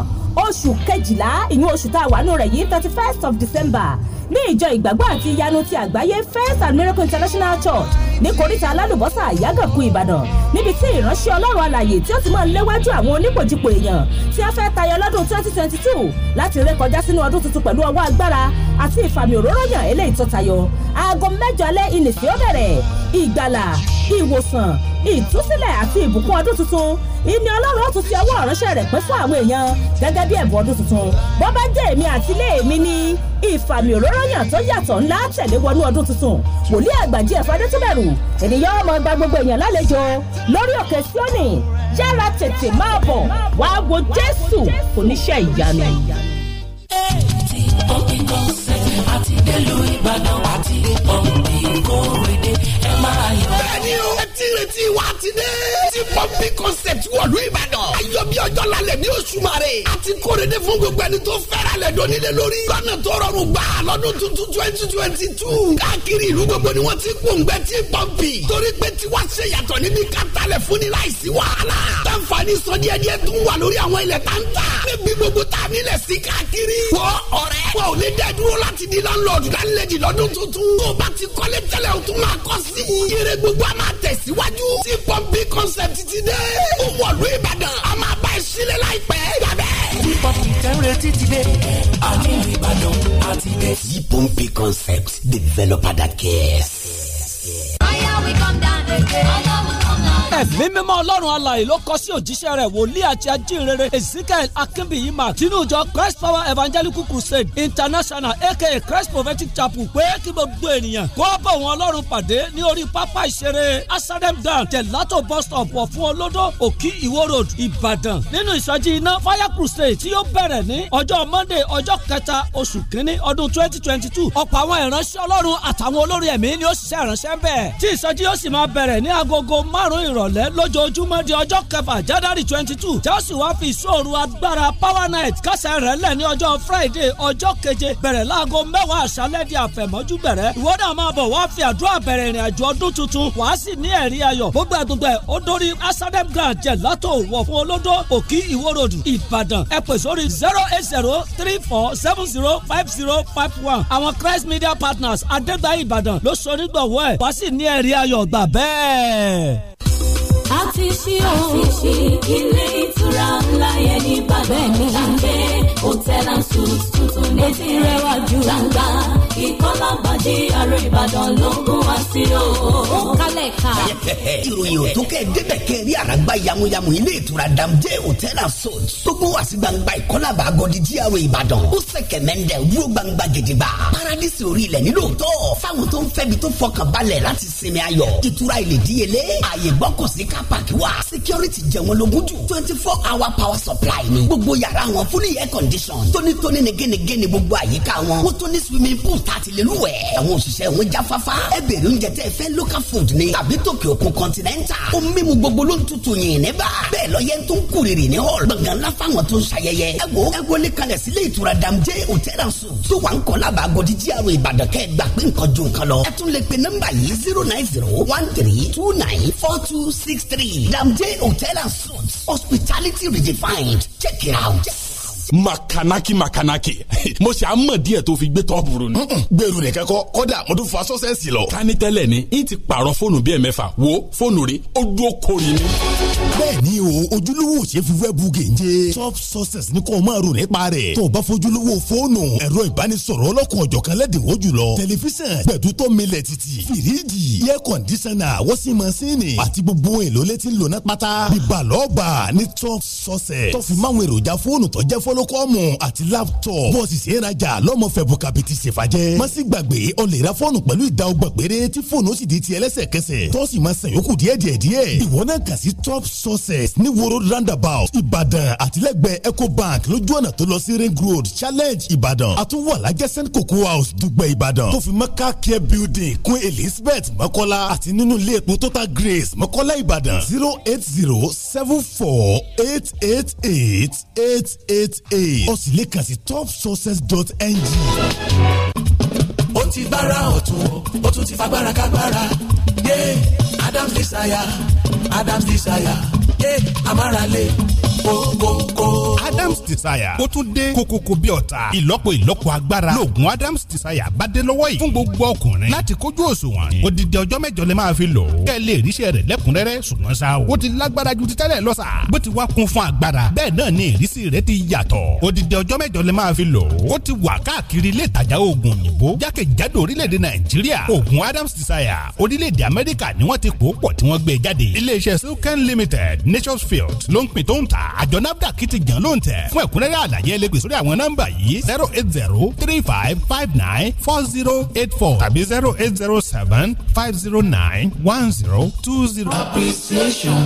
oṣù kejìlá ìyún oṣù tá a wà nù rẹ̀ yìí thirty first of December ní ìjọ ìgbàgbọ́ àti ìyanu ti àgbáyé Faith and Miracle International Church ní koríta alálùbọ́sà àyágànkù ìbàdàn níbi tí ìránṣẹ́ ọlọ́run alàyè tí ó ti máa ń léwájú àwọn onípòjìpò èèyàn tí a fẹ́ tayọ lọ́dún twenty twenty two láti rékọjá sínú ọdún tuntun pẹ̀lú ọwọ́ agbára àti ìfàmì òróró yàn eléyìí tó tayọ aago mẹ́jọ alẹ́ ìnìsí ó bẹ̀rẹ̀ ìgbàlà ìwòsàn ìtúsílẹ̀ àti ìbùkún ọdún tuntun ìní ọlọ́run ó tún fi ọwọ́ ìránṣẹ́ rẹ̀ pín fún àwọn èèyàn gẹ́gẹ́ bí ẹ̀bùn ọdún tuntun bó bá jẹ́ èmi àti ilé èmi ni ìfàmì òróró yàn tó yàtọ̀ ńlá tẹ̀lé wọnú ọdún tuntun wòlíì àgbàjì ẹ̀fọ́ adétúbẹ̀rù ènìyàn ọmọ gba gbogbo èèyàn lálejò lórí òkè Síónì yára tètè máa bọ̀ wàá wo Jésù oníṣẹ́ ìyanu. Pumping concept àti délùú Ìbàdàn àti pumping kórèdè máa yọ. bẹ́ẹ̀ni o ẹ ti retí wa ti dé. ti pọmpi concept wọ̀lú ìbàdàn. a yọ bí ọjọ́ lálẹ́ ní oṣù mare. a ti kóre de fún gbogbo ẹni tó fẹ́ràn lẹ̀ dọ́ni lé lórí. lọ́nà tó rọrùn gbà lọ́dún tuntun twenty twenty two. káàkiri ìlú gbogbo ni wọ́n ti gbòǹgbẹ́ ti pọmpi. torí pé tiwa ṣe yàtọ̀ níbi kátàlẹ̀ fúnni láìsí wàhálà. tàǹfààní sọ díẹ̀ díẹ̀ tún wà lórí àwọn ilẹ̀ táǹtà. níbi gbogbo tá a nílẹ̀ sí káàkiri. wọ ọ̀rẹ́. wọn ò ní dẹ́ dúró láti di lọ́nlọ́ọ̀dù dánilẹ́jì lọ́dún tuntun. tó o bá ti kọ́lé tẹ́lẹ̀ o tún máa kọ́ sí ìyẹrẹ gbogbo a máa tẹ̀síwájú tí pọ́ǹpì concept ti dé. ó wọ̀lú ìbàdàn a máa bá ẹ sílẹ̀ láìpẹ́ gbàgbẹ́. tí pọ́ǹpì tẹ́rẹ̀ títí dé àní ìbàdàn àti dé. tí pọ́ǹpì concept developer that cares. ọ̀yá we come down again ẹ̀mí mímọ́ ọlọ́run alàyè ló kọ sí òjíṣẹ́ rẹ̀ wòlíì àti ajínrere ezekiel akínbíyí mark nínú ìjọ christ power evangelical crusade international aka christ prophetic chapel pé kí gbogbo ènìyàn kó bọ̀ wọn ọlọ́run pàdé ní orí pápá ìṣeré asadem dam telato bus stop wọ̀ fún olódó òkì ìwó road ìbàdàn nínú ìsọjí iná fire crusade tí yóò bẹ̀rẹ̀ ní ọjọ́ monday ọjọ́ kẹta oṣù kínní ọdún twenty twenty two ọ̀pọ̀ àwọn ìránṣẹ́ ọlọ́run àtàwọn olórí ẹ̀mí ni ó ṣiṣẹ́ ìránṣẹ́ bẹ́ẹ̀ tí ìsọjí yóò sì máa bẹ̀rẹ̀ ní agogo márùn-ún ìrọ̀ ìrọ̀lẹ́ lójoojúmọ́ di ọjọ́ kẹfà January twenty two jésù wá fi ìṣòro agbára power night kẹsẹ̀ rẹ̀ lẹ̀ ní ọjọ́ Friday ọjọ́ keje bẹ̀rẹ̀ láago mẹ́wàá àṣálẹ́ di àfẹ̀mọ́jú bẹ̀rẹ̀ ìwọ náà máa bọ̀ wá fi àdúrà bẹ̀rẹ̀ ìrìn àjò ọdún tuntun wàá sì ní ẹ̀rí ayọ̀ gbogbo àgbègbè ó dórí asadem grand jẹ̀ látò wọ̀ fún olódó òkì ìwòròdù Ìbàdàn ẹ pè sórí zero eight zero three four seven zero five zero five one àwọn Christ Media Partners adégbà Ìbàdàn ló sọ nígbàwọ́ ẹ̀ wá sì ní ẹ̀rí ayọ̀ gbà bẹ́ẹ̀ a ti ṣí o. a ti ṣí ilé ìtura ńlá yẹn ní Ìbàdàn. bẹ́ẹ̀ni gbàgbé hotel and suites tuntun ní tirẹ̀ wájú. gbàgbá ìkọ́lábàjì àrò ìbàdàn ló ń gún wá sí o. ó kalẹ̀ ká. ìròyìn òtún kẹ́ débẹ̀ kẹ́ rí àràgbá yamuyamu ilé ìtura damjẹ́ hotel and suites tó gún wá sí gbangba ìkọ́lábà agodi gra ìbàdàn ó sẹ̀kẹ̀ mẹ́ndẹ̀ wúrò gbangba gidigba paradísì orí ilẹ̀ nílò tọ́ fáwọn tó ń fẹ́bi tó fọkàn balẹ̀ láti sinmi ayọ̀ ìtura ilé díyelé ààyè gbọ́kọ̀sí car park wà security jẹ̀wọ́n lógún jù twenty four hour power supply ni gbogbo yàrá wọn fully air condition tónítóní ni gẹ́nẹ́gẹ́nẹ́ gbogbo àyíká wọn wọ́n tó ní swimming pool tá a ti lè lúwẹ̀. àwọn òṣìṣẹ́ wọn jáfáfá. ẹ bèrè oúnjẹ tẹ́ fẹ́ local food ni tàbí tòkè òkun continental. ó mímu gbogbo ló ń tutù yìn níbà. bẹ́ẹ̀ lọ yẹn tó ń kúrìrì ní hall. gbọ̀ngàn ńlá fáwọn tó ń ṣayẹyẹ. ẹ wo ẹ wọlé kalẹ̀ sílé ìtura damje hotel and suites. tó wà ń kọ́ lába agodi GRA ìbàdàn kẹ́ gbà pé nǹkan ju nǹkan lọ. ẹ tún lè pe nọ́mbà yìí zero nine zero one three two nine four two six three damje hotel and suites hospitality redefined check it out makanaki makanaki mo ṣe àmọ̀ díẹ̀ tó fi gbé tọ́pù rò ni. gbèrú nìkan kọ kọ́dà mo tún fa sọ́sẹ̀sì lọ. kání tẹ́lẹ̀ ni n ti pààrọ̀ fóònù bíi ẹ̀mẹ́fà wo fóònù rẹ̀ ó dúró kori ni. bẹ́ẹ̀ni o ojúlówó ṣe fi wẹ́ẹ̀bù gèje top success ni kò máa rò nípa rẹ̀ tó o bá fojúlówó fóònù ẹ̀rọ ìbánisọ̀rọ̀ ọlọ́kùn ọ̀jọ̀kan lẹ́dínwó jùlọ tẹlifíṣàn gbẹ̀dútọ́ milẹ̀ títì fìríjì iye kọ̀ndíṣánà wọ́sí masínì àti gbogbo èlò létí lónà pátá bíbalọ́ọ̀bà ní top success tó fi máwọn èròjà fóònù tó jẹ́ fọ́lọ́ kọ́mù àti laptop bọ́ọ̀sì sì rajà lọ́mọ fẹ̀bù kàbìtì ṣèfàjẹ́ má sì gbàgbé o lè ra fóònù pẹ̀lú ìdá ọgbà péré tí fóònù ó sì di ti ẹlẹ́sẹ̀kẹsẹ̀ tó sì máa san yòókù díẹ̀ díẹ̀ díẹ̀ ìwọ náà kà sí top sources ní woro roundabout ìbàdàn àtìlẹ́gbẹ̀ẹ́ ecobank lójú ọ̀nà tó lọ sí ring road challenge ìbàdàn àtúwọ̀ alájẹ́ send cocoa house dùgbẹ̀ ìbàdàn tó fi mẹ́ka care building kún elizabeth mọ́kọ́lá àti nínú ilé epo total grace mọ́kọ́lá ìbàdàn zero eight zero seven four eight eight eight eight eight aid o sì lè kàn sí topsources.ng. ó ti gbára ọ̀tún ó tún ti fagbára kágbára Yeah Adam's Desire Adam's Desire ẹ eh, amárale kókókó. Adam's Desire kó tún dé kókókó bí ọ̀tá. ìlọ́po ìlọ́po agbára lóògùn Adam's Desire bá dé lọ́wọ́ yìí. fún gbogbo ọkùnrin láti kójú òṣùwọ̀n. odidi ọjọ́ mẹ́jọ lè máa fi lò. kẹ́ ẹ lè ríṣẹ́ rẹ̀ lẹ́kùnrẹ́rẹ́ ṣùgbọ́n ṣá o. ó ti lágbára ju ti tẹ́lẹ̀ lọ sà. bó ti wá kún fún agbára bẹ́ẹ̀ náà ni ìrísí rẹ̀ ti yàtọ̀. odidi ọjọ́ mẹ́jọ lè máa fi lò. ó ti wà káàkiri ilé ìtajà oògùn òyìnbó jákèjádò orílẹ̀-èdè ni wọ́n ẹ̀bùn pọ̀ tí wọ́n gbé jáde. iléeṣẹ́ silken limited nature's field ló ń pín tó ń tà àjọ nafdac ti jàn ló ń tẹ̀. fún ẹ̀kúnrẹ́rẹ́ àlàyé lè pè sórí àwọn nọ́mbà yìí zero eight zero three five five nine four zero eight four tàbí zero eight zero seven five zero nine one zero two zero. appreciation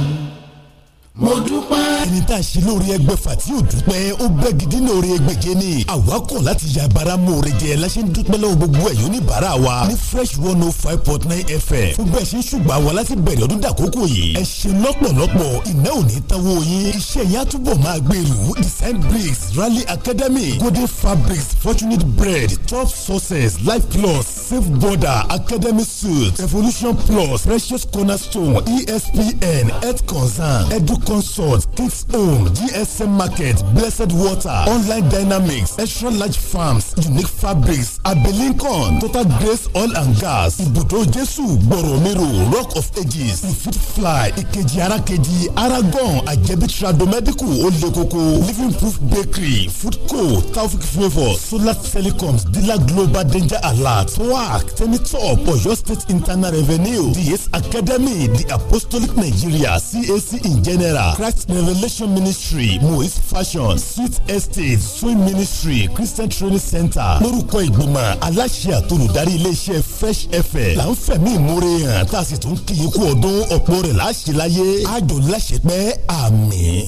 mo dúpẹ́. ẹni tá a ṣe lórí ẹgbẹ́fà tí yóò dúpẹ́ ó bẹ́ gidi lórí ẹgbẹ́je ni. àwa kọ̀ láti ya bara mòore jẹ láṣẹ ń dúpẹ́ lọ́wọ́ gbogbo ẹ̀yọ́ ní bara wa ní fresh one oh five point nine fm fún bẹ́ẹ̀ ṣe ń ṣùgbọ́n àwa láti bẹ̀rẹ̀ ọdún dàkókò yìí. ẹ ṣe lọ́pọ̀lọpọ̀ iná ò ní tanwó yín. iṣẹ́ yẹn túbọ̀ máa gbèrú design bricks rally academy golden fabrics fortunate bread top sources life plus safe border academy suits evolution plus precious cornerstone espn health concern educ consort kids home gsm market blessed water online dynamics extra large farms unique fabrics Abilincon, total grace oil and gas ibùdó Jesu, gbọ̀rọ̀mìrò rock of ages food fly ìkejì arákejì aragon àjẹbí trado medical olekoko living proof bakery food co taufik flavour solar telecoms dealer global danger alert twac tenitop oyo state internal revenue ds academy the apostolic nigeria cac in general naira christ revelation ministry moise fashion sweet estate swing ministry christian training center lórúkọ ìgbìmọ̀ aláṣẹ àtolùdarí iléeṣẹ́ fresh fm là ń fẹ̀mí ìmoore hàn tá a sì tún kì í kú ọdún ọ̀pọ̀ rẹ̀ láṣẹ láyé àjò láṣẹ pẹ́ àmín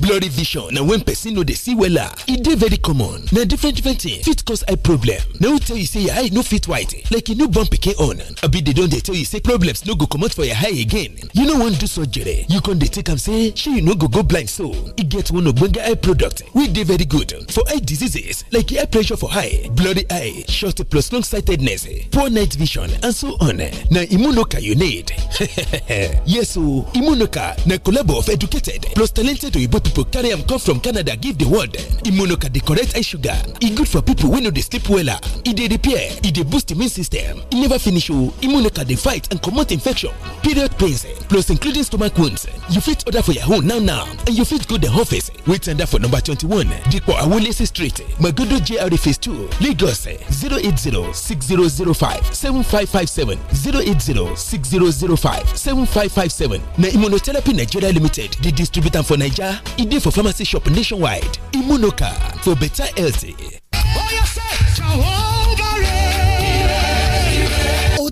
blurry vision na when person no dey see wella e dey very common na different different thing fit cause eye problem na who tell you say your eye no fit white like you no born pikin own abi dey don dey tell you say problems no go comot for your eye again you no wan do surgery you con dey take am say shey you no go go blind so e get one ogbonge eye product wey dey very good for eye diseases like eye pressure for eye blurry eye short plus long sightedness poor night vision and so on na immunoka you need yes o oh, immunoka na collabo of educated plus talented oyibo people carry am come from canada give the world immunoca dey correct eye sugar e good for people wey no dey sleep wella e dey repair e dey boost immune system e never finish o oh. immunoca dey fight and comot infection period pains eh. plus including stomach wounds eh. you fit order for your own now now and you fit go the office eh. wey tender for number twenty-one dipo awolese street magodo jr e phase two lagos zero eight zero six zero zero five seven five five seven zero eight zero six zero zero five seven five five seven na immunotherapy nigeria limited the distributor for naija e for pharmacy shop nationwide. Immunocar for better health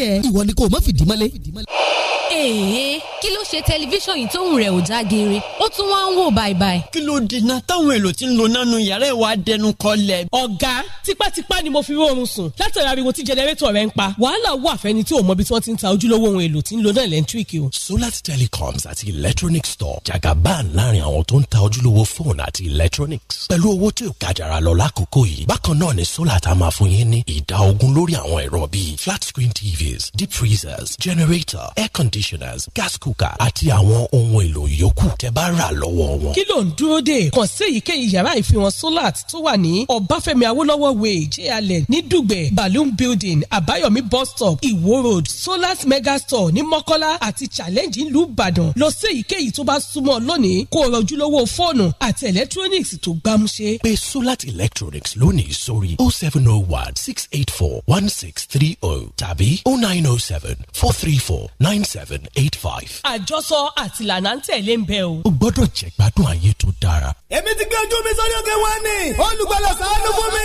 ayé ẹ ìwọ ni kò má fìdí mọ́lé. èèyàn kí ló ṣe tẹlifíṣàn yìí tóun rẹ̀ ò já geere ó tún wá ń wò bàìbàì. kí ló dènà táwọn èlò tí ń lo nánú yàrá ìwà dẹnu kọlẹ̀. ọ̀gá tipátipá ni mo fi rọrùn sùn látara ariwo tí jẹnẹrétọ̀ rẹ̀ ń pa wàhálà wà fẹ́ni tí ò mọ bí tí ti ń ta ojúlówó ohun èlò tí ń lo náà lẹ́ńtíríkì o. solar telecoms àti electronic store jagaban láàrin àwọn tó ń ta ojúlówó fóònù àti electronics pẹ̀lú owó tí ò gàjàrà lọ lákòókò yìí bákan náà ni solar ta máa fún yín ní ìdá ogún lórí àwọn ẹ̀rọ bíi flat screen tv cookies deep freezers generator air conditioners gas cooker àti àwọn ohun èlò yòókù tẹ́ bá rà lọ́wọ́ wọn. kí ló ń dúró dè kàn sí èyíkéyìí yàrá ìfihàn solar tó wà ní ọbáfẹ́mi awólọ́wọ̀ way jayalẹ ní dùgbẹ̀ balloon building àbáyọ̀mí bus stop iwo road solat mega store ní mọ́kọ́lá àti challenge ìlú ìbàdàn lọ sí èyíkéyìí tó bá súnmọ́ lónìí kó o rọjú lọ́wọ́ fóònù àti electronics tó gbámúṣé. pe solat electronics lónìí sórí oh seven oh one six eight four one six three oh tàbí oh 0907 434 9785. àjọsọ àtìlànà ń tẹ̀lé ń bẹ o. o gbọ́dọ̀ jẹ́ gbádùn ayé tó dára. èmi ti gbé ojú mi sórí òkè wá ní olùgbàlà ṣàánú fún mi.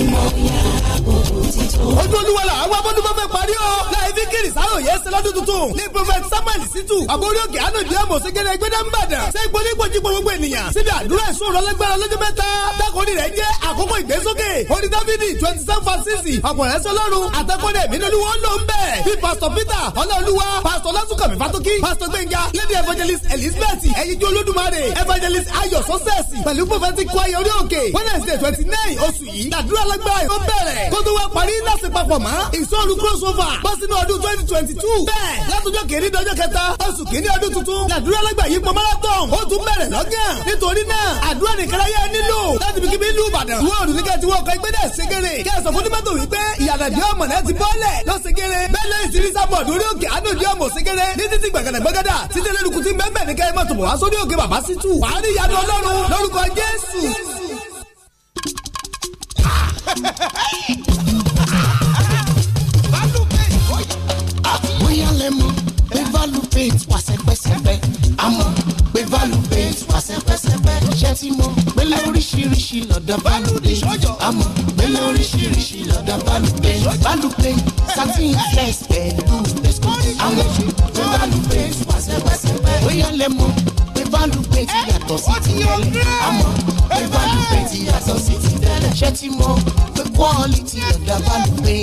ìmọ̀ ìyá àbò ti tó. ojú olúwa la àwọn abọ́dún bá fẹ́ parí o. láì fi kiri sáyòye ṣe lọ́dún tuntun ní prophet samuel situ àbórí òkè àná ìdí ọmọ ṣẹgẹrẹ gbẹdẹ ńbàdàn ṣé ìpolí ìpòjì gbogbo ènìyàn síbi àdúrà ìṣòro ọlọ́gbẹ́rẹ́ ọlọ́jọ́ mẹ́ta tákòrí rẹ̀ jẹ́ àkókò ìgbésókè orí dáfídì twenty seven francis ọ̀pọ̀ rẹ̀ sọlọ́run àtàkọ́dẹ̀ mí olúwa ló ń bẹ̀ bí pásítọ̀ peter ọlọ́ọ̀lúwa pásítọ̀ lọ́túnkànmí fatoki Pastor gbẹ̀ngà lady evangelist elizabeth ẹ̀yinjú olódùmarè evangelist ayọ̀ sọ́sẹ̀sì pẹ̀lú prophetic choir orí òkè wednesday twenty nine oṣù yìí làdúrà lágbára yóò bẹ̀rẹ̀ kó tó wá parí láti papọ̀ mọ́ ìsọ̀rù crossover bọ́ sínú ọdún twenty twenty two bẹ́ẹ̀ látọjọ́ kìíní dọjọ́ kẹta oṣù kìíní ọdún tuntun làdúrà lágbára yìí pọ̀ marathon ó tún bẹ̀rẹ̀ lọ́gàn nítorí náà àdúrà nìkan láyé nílò láti fi kíbi ìlú ìbàdàn ìwé òdùnníkẹ́ ti wọ́ọ̀kọ́ ìgbẹ́dẹ̀ ṣẹ́gẹ̀rẹ̀ kẹ́sàn fún nígbà tó wípé ìyàdàdì ọmọ náà ti bọ́ọ̀lẹ̀ ló segere bẹ́lẹ̀ ìsirí sábọ̀ lórí òkè àdójú ọmọ segere ní títí gbàgàdà gbàgàdà títí lẹ́lùkù tí mẹ́mẹ́ ní kẹ́hìn mọ́tò wá sórí òkè bàbá sítú wàá rí ìyanu ọlọ́run lórúkọ jésù. bóyá lẹ́mu evaluate wàṣẹ́pẹ́sẹ́pẹ́ àmọ́ fà sẹ́pẹ́sẹ́pẹ́ iṣẹ́ tí mo gbélé oríṣiríṣi lọ́dọ̀ balùwẹ̀ àmọ́ gbélé oríṣiríṣi lọ́dọ̀ balùwẹ̀ balùwẹ̀ satin flex pẹ̀lú àwọn ìwé balùwẹ̀ fà sẹ́pẹ́sẹ́pẹ́ bóyá lẹ mọ̀ pé balùwẹ̀ ti eh, yàtọ̀ sí ti tẹ́lẹ̀ àmọ́ pé balùwẹ̀ ti yàtọ̀ sí ti tẹ́lẹ̀ iṣẹ́ tí mo pé quality lọ́dọ̀ balùwẹ̀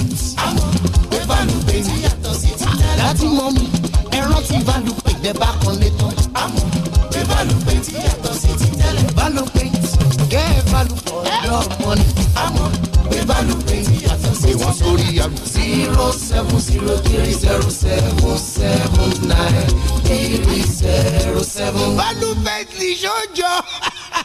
àmọ́ pé balùwẹ̀ ti yàtọ̀ sí ti tẹ́lẹ̀ láti mọ mi ẹran ti balùwẹ̀ ìgbẹ́ bá kan lé tán àmọ́ balùwẹ̀ tí yàtọ̀ sí ti tẹ́lẹ̀. balùwẹ̀ kẹ́ ẹ balùwẹ̀ ọ̀dọ́ ọmọ ni. àmọ́ pé balùwẹ̀ tí yàtọ̀ sí ti zero seven zero three zero seven seven nine three zero seven. balùwẹ̀ tí sọ́jọ́.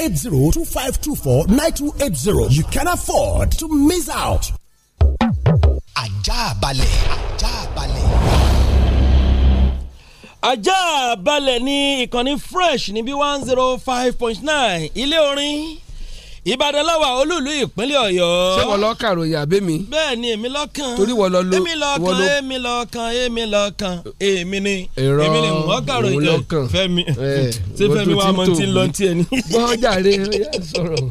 eight zero two five two four nine two eight zero. You can afford to miss out. ajá balẹ̀ ajá balẹ̀. ajá balẹ̀ ni ìkànnì fresh níbí one zero five point nine ilé orin ìbàdàn lọ́wọ́ olúùlú ìpínlẹ̀ ọ̀yọ́. ṣé wọ́n lọ kàròyìn àbẹ́ mi. bẹ́ẹ̀ ni èmi lọ́kàn. torí wọ́n lọ lo èmi lọ́kàn èmi lọ́kàn èmi lọ́kàn èmi ni èmi ni wọ́n kàròyìn fẹ́mi eh, ṣé fẹ́mi wa mọ̀ ti ń lọ tiẹ̀ ni. gbọ́n jàre sọ̀rọ̀.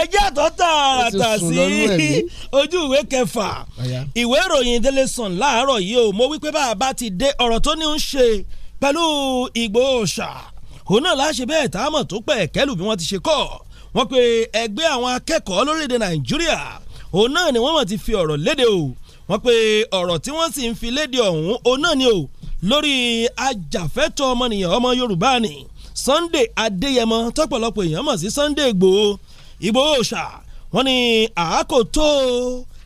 ẹ jẹ́ àtọ́ tààràtà sí ojú ìwé kẹfà ìwé ìròyìn délé sàn láàárọ̀ yìí o mo wí pé bá a bá ti dé ọ̀rọ̀ tó ní ń ṣe pẹ̀lú Ìgbòho ṣà òun náà láṣẹ bẹ́ẹ̀ tá a mọ̀ tó pẹ̀ kẹ́lù bí wọ́n ti ṣe kọ́ wọ́n pe ẹgbẹ́ àwọn akẹ́kọ̀ọ́ lórílẹ̀‐èdè nàìjíríà òun náà ni wọ́n mọ̀ ti fi ọ̀rọ̀ léde o wọ́n pe ọ̀rọ̀ tí wọ́n sì ń fi léde ọ̀hún òun náà ni o lórí ajàfẹ́tọ̀ ọmọnìyàn ọmọ yorùbá ni Sunday Adéyẹmọ tọ́pọ̀lọpọ̀ èèyàn mọ̀ sí Sunday Ìgbòho Ìgbòho ṣà wọ́n ní àákò tó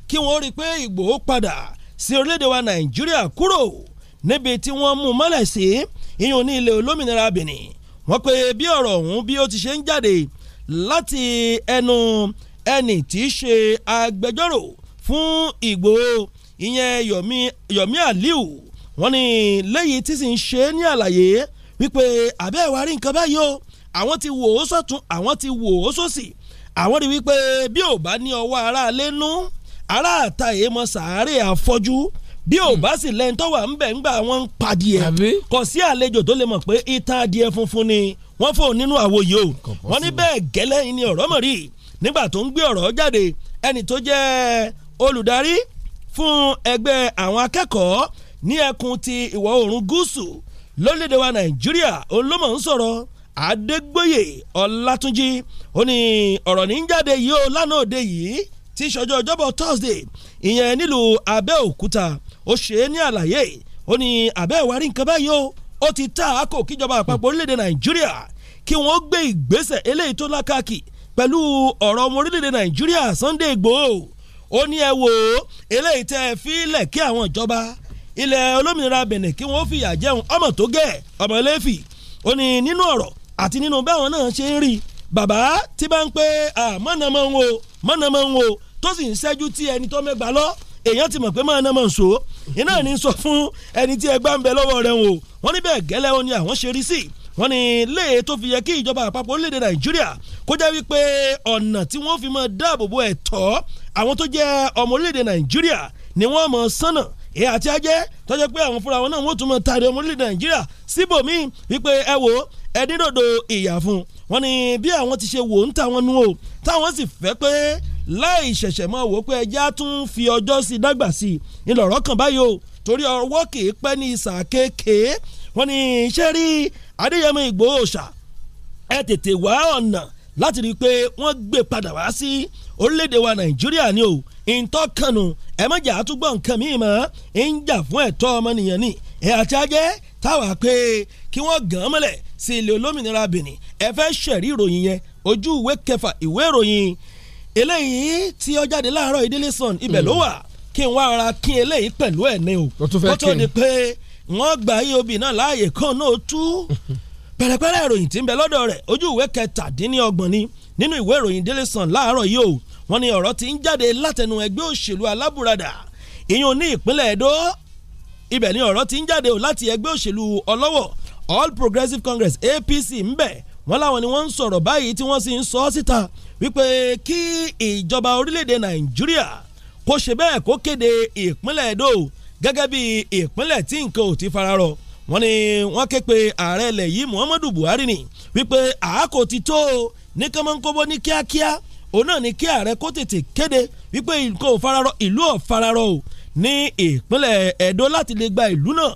kí wọ́n rí i pé Ìgbòho padà sí orílẹ̀-èdè wa nàìjíríà kúrò níbi tí wọ́n mú mọ́lẹ̀ sí ìyún ní ilẹ̀ olómìnira Benin wọ́n pe bí ọ̀rọ̀ ọ̀hún bí ó ti ṣe ń jáde láti ẹnu ẹni tí í ṣe agbẹjọ́rò fún Ìgbòho ìyẹn Yomi Yomi Aliu wọ́n ní lẹ́yìn tí sì ń ṣe ní àlàyé wípé àbẹ́ ìwà rí nǹkan báyìí o àwọn ti wò ó sọ̀tún àwọn ti wò ó sòsì àwọn rí wípé bí ò bá ní ọwọ́ aráalé nú aráàta èèmọ̀ sàárè àfọ́jú bí ò hmm. bá sì lẹ́yìn tó wà ń bẹ̀ ńgbà wọ́n ń padìẹ kò sí àlejò tó lè mọ̀ pé ìtàn adìẹ funfun ni wọ́n fò nínú àwo yìí o wọ́n ní bẹ́ẹ̀ gẹ́lẹ́ ni ọ̀rọ̀ mọ̀ rí nígbà tó ń gbé ọ̀rọ̀ jáde ẹni tó jẹ́ olùdarí fún ẹgbẹ́ àwọn akẹ́kọ̀ọ́ ní ẹkùn ti ìwọ̀ oòrùn gúúsù lórílẹ̀‐èdè wa nàìjíríà olómọ̀ ń sọ̀rọ̀ adégbóyè ọlátúnjì ó ní ọ̀rọ̀ ní jáde yìí o lánàá òde yìí tí ìṣọjọ́ ọjọ́bọ̀ thursday ìyẹn nílùú abẹ́òkúta ó ṣe é ní àlàyé ó ní àbẹ́ ìwárí nǹkan báyìí o ó ti ta àkó kíjọba àpapọ̀ orílẹ̀-èdè nàìjíríà kí wọ́n gbé ìgbésẹ̀ eléyìí tó lákàkì pẹ̀lú ọ̀rọ̀ ọmọ orílẹ̀-èdè nàìjíríà Sunday Igboho ó ní ẹ wò ó eléyìí tẹ́ ẹ fi lẹ̀ kí àwọn ìjọba ilẹ̀ olómìnira Benin kí wọ́n fìyà jẹun ọmọ tó gẹ̀ ọmọ eléfì ó ní nínú ọ̀rọ̀ àti nínú báwọn náà ṣe ń rí bàbá tí bá ń pé mọ̀nàmọ́ wo mọ̀nàmọ́ wo tó sì ń ṣẹ́jú tí ẹni tó mẹ́gbàá lọ èèyàn ti mọ̀ pé máa ná mọ̀ nsọ iná ní sọ fún ẹni tí ẹgbà ń bẹ lọ́wọ́ rẹ̀ wò wọ́n ní bẹ́ẹ̀ gẹ́lẹ́ wọn ni àwọn ṣe rí sí i wọ́n ní lè tó fi yẹ kí ìjọba àpapọ̀ orílẹ̀-èdè nàìjíríà kó jẹ́ wípé ọ̀nà tí wọ́n fi máa dáàbò bo ẹ̀tọ́ àwọn tó jẹ́ ọmọ orílẹ̀-èdè nàìjíríà ni wọ́n mọ̀ sánà èyí àti ajẹ́ tó jẹ́ pé àwọn fúnra wọn náà wọ́n tún máa tàrí ọmọ orílẹ̀-èdè nàìjíríà síbòmíì wípé ẹ wo ẹdín dòdò ìyà fún wọn ni bí àwọn ti ṣe wò ń ta wọn nú o táwọn sì fẹ́ pé láì ṣẹ̀ṣẹ̀ mọ́ wò pé ẹja tún fi ọjọ́ sí dágbà sí i ńlọrọ̀ kan báyìí o torí ọwọ́ kìí pẹ́ ní ìsà kéèké wọ́n ní ṣé rí Adéyẹmọ Ìgbòho ṣà ẹ tètè wá ọ̀nà láti rí i pé wọ́n gbé padà wá sí orílẹ̀-èdè wa Nàìjíríà ni o ìtọ́kànnù ẹ̀mọ́jà àtúgbọ̀ nǹkan míì mọ́ ń jà fún ẹ̀tọ́ ọmọnìyàn ni ẹ̀ àti ajẹ́ táwa pé kí wọ́n gàn án mọ́lẹ̀ sí ilé olómìnira Benin ẹ fẹ́ ṣẹ̀rí ìròyìn yẹn ojú ìwé kẹfà ìwé ìròyìn eléyìí tí ó jáde láàárọ̀ ìdílé sàn ibẹ̀ ló hmm. wà kí n wá ara kí eléyìí pẹ̀lú ẹ̀ ní o kó tó di pé wọ́n gba iobi náà láàyè kan náà tú pẹ̀rẹ̀pẹ̀rẹ̀ ìròyìn tí ń bẹ lọ́dọ̀ rẹ̀ ojú ìwé kẹtàdínlọ́gbọ̀n ni nínú ìwé ìròyìn délé sàn láàárọ̀ yìí o wọ́n ní ọ̀rọ̀ tí ń jáde látẹnu ẹgbẹ́ òṣèlú alábùradà ìyún ní ìpínlẹ̀ Ẹdó ibẹ̀ ni ọ̀rọ̀ tí ń jáde láti ẹgbẹ́ òṣèlú ọlọ́wọ̀ All Progressives Congress APC ń bẹ wọ́n láwọn ni wọ́n ń sọ̀rọ̀ báyìí tí wọ́n sì ń sọ síta wípé kí ìjọba orílẹ̀-èdè nàìjíríà kó ṣe bẹ́ẹ̀ kó kéde ìpínlẹ̀ Edo gẹ́gẹ́ bí ìpínlẹ̀ tí nǹkan ò ti fararọ̀ wọ́n ní wọ́n ké pe ààrẹ ilẹ̀ yìí Muhammadu Buhari ni wípé àákò ti tó o ní kánmọ́nkóbó ní kíákíá òun náà ni kí ààrẹ kó tètè kéde wípé nǹkan ò fararọ̀ ìlú ò fararọ̀ o ní ìpínlẹ̀ Edo láti lè gba ìlú náà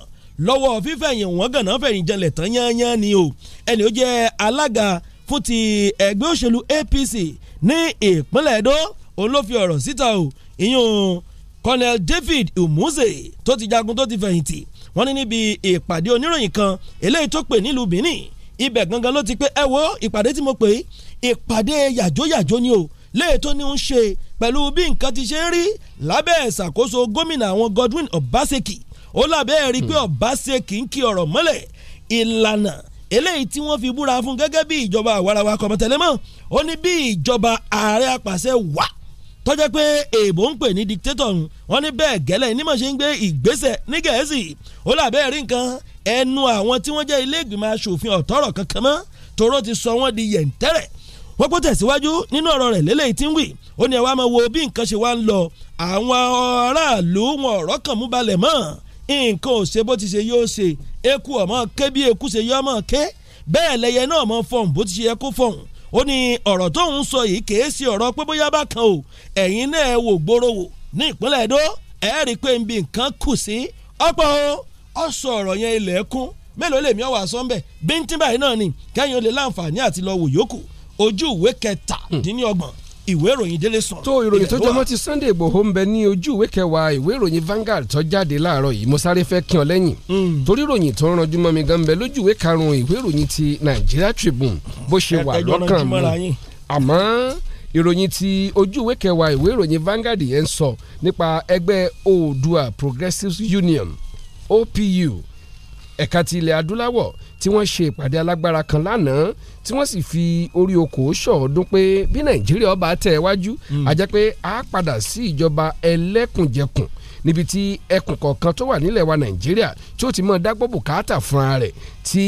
lọ́wọ́ fífẹ̀yìn wọ́n gànà fẹ̀yìn tán yányán ni o ẹni ó jẹ́ alága fún ti ẹgbẹ́ òṣèlú APC ní ìpínlẹ̀ Edo òun ló fi ọ̀rọ̀ síta o ìyún Colonel David Umuze tó ti jagun tó ti fẹ̀yìntì wọ́n ní níbi ìpàdé oníròyìn kan eléyìí tó pè nílùú Benin ibẹ̀ gangan ló ti pé ẹ wo ìpàdé tí mo pè é ìpàdé yàjóyàjó ni o léè tó ní ń ṣe pẹ̀lú bí nǹkan ti ṣe ń rí lábẹ́ ìṣàkóso gómìnà àwọn Godwin Obaseki ó lábẹ́ rí pé hmm. Obaseki ń kí ọ̀rọ̀ mọ́lẹ̀ ìlànà eléyìí tí wọ́n fi búra fún gẹ́gẹ́ bí ìjọba àwarawa kọ̀mọ̀tẹ́lẹ́mọ̀ ó ní bí ìjọba ààrẹ apàṣẹ wà tọ́jẹ́ pé èèbó ń pè ní dictator wọ́n ní bẹ́ẹ̀ gẹ́lẹ́ ní mọ̀ ṣe ń gbé ìgbésẹ̀ ní gẹ̀ẹ́sì ó làbẹ́ rí nǹkan ẹnu àwọn tí wọ́n jẹ́ ilé ìgbìmọ̀ asòfin ọ̀tọ́rọ̀ kankan mọ́ tòró ti sọ wọ́n di yẹ̀ǹtẹ́rẹ̀ wọ́n kó tẹ̀síwájú nínú ọ̀rọ̀ rẹ̀ lélẹ́yìí tí ń wì ó ní ẹ wá máa wo bí nǹkan ṣe wá ń lọ àwọn aráàlú wọn ọ̀rọ̀ kàn mú balẹ̀ mọ́ nǹkan ò ṣe bó ti ṣe yóò ṣe eku ọmọ ké bí eku ṣe yọ ọmọ ké bẹ́ẹ̀ lẹyẹ náà mọ fọhùn bó ti ṣe yẹ kó fọhùn ó ní ọ̀rọ̀ tó ń sọ yìí kìí ṣe ọ̀rọ̀ pé bóyá bá kan o ẹ̀yin náà wò gbòòrò wò ní ìpínlẹ̀ Ẹdó ẹ̀ rí i pé nbí nǹkan kù sí ọ̀pọ̀ o ọ̀ sọ ọ̀rọ̀ yẹn ilẹ̀ kún mélòó lèmi ọ̀wà sọ́ńbẹ̀ bíntín báyìí náà ni kẹ́yìn ó lè láǹfààní àti lọ wò yòókù ojú ìwé kẹtàdínlọ́gbọ̀n ìwé ìròyìn délé sọ. tó ìròyìn tó jọmọ́ ti Sunday Igboho ń bẹ ní ojú ìwé kẹwàá ìwé ìròyìn Vanguard tó jáde láàárọ̀ yìí mo sáré fẹ́ kí ọ lẹ́yìn. Hmm. torí ìròyìn tó ń ranjú mọ́ mi gan bẹ lójú ìwé karùn-ún ìwé ìròyìn ti Nigeria Tribune bó ṣe wà lọ́kàn mi àmọ́ ìròyìn ti ojú ìwé kẹwàá ìwé ìròyìn Vanguard yẹn sọ nípa ẹgbẹ́ Oòduà Progressives Union OPU ẹ̀ka ti ilẹ̀ adúláwọ̀ tí wọ́n ṣe ìpàdé alágbára kan lánàá tí wọ́n sì fi orí oko sọ̀ọ́dún pé bí nàìjíríà bá tẹ̀ wájú hmm. a jẹ́ pé a padà sí ìjọba ẹlẹ́kùnjẹkùn níbi tí ẹkùn kọ̀ọ̀kan tó wà nílẹ̀ wa nàìjíríà tí ó ti mọ̀ dágbọ́ bùkátà fúnra rẹ̀ tí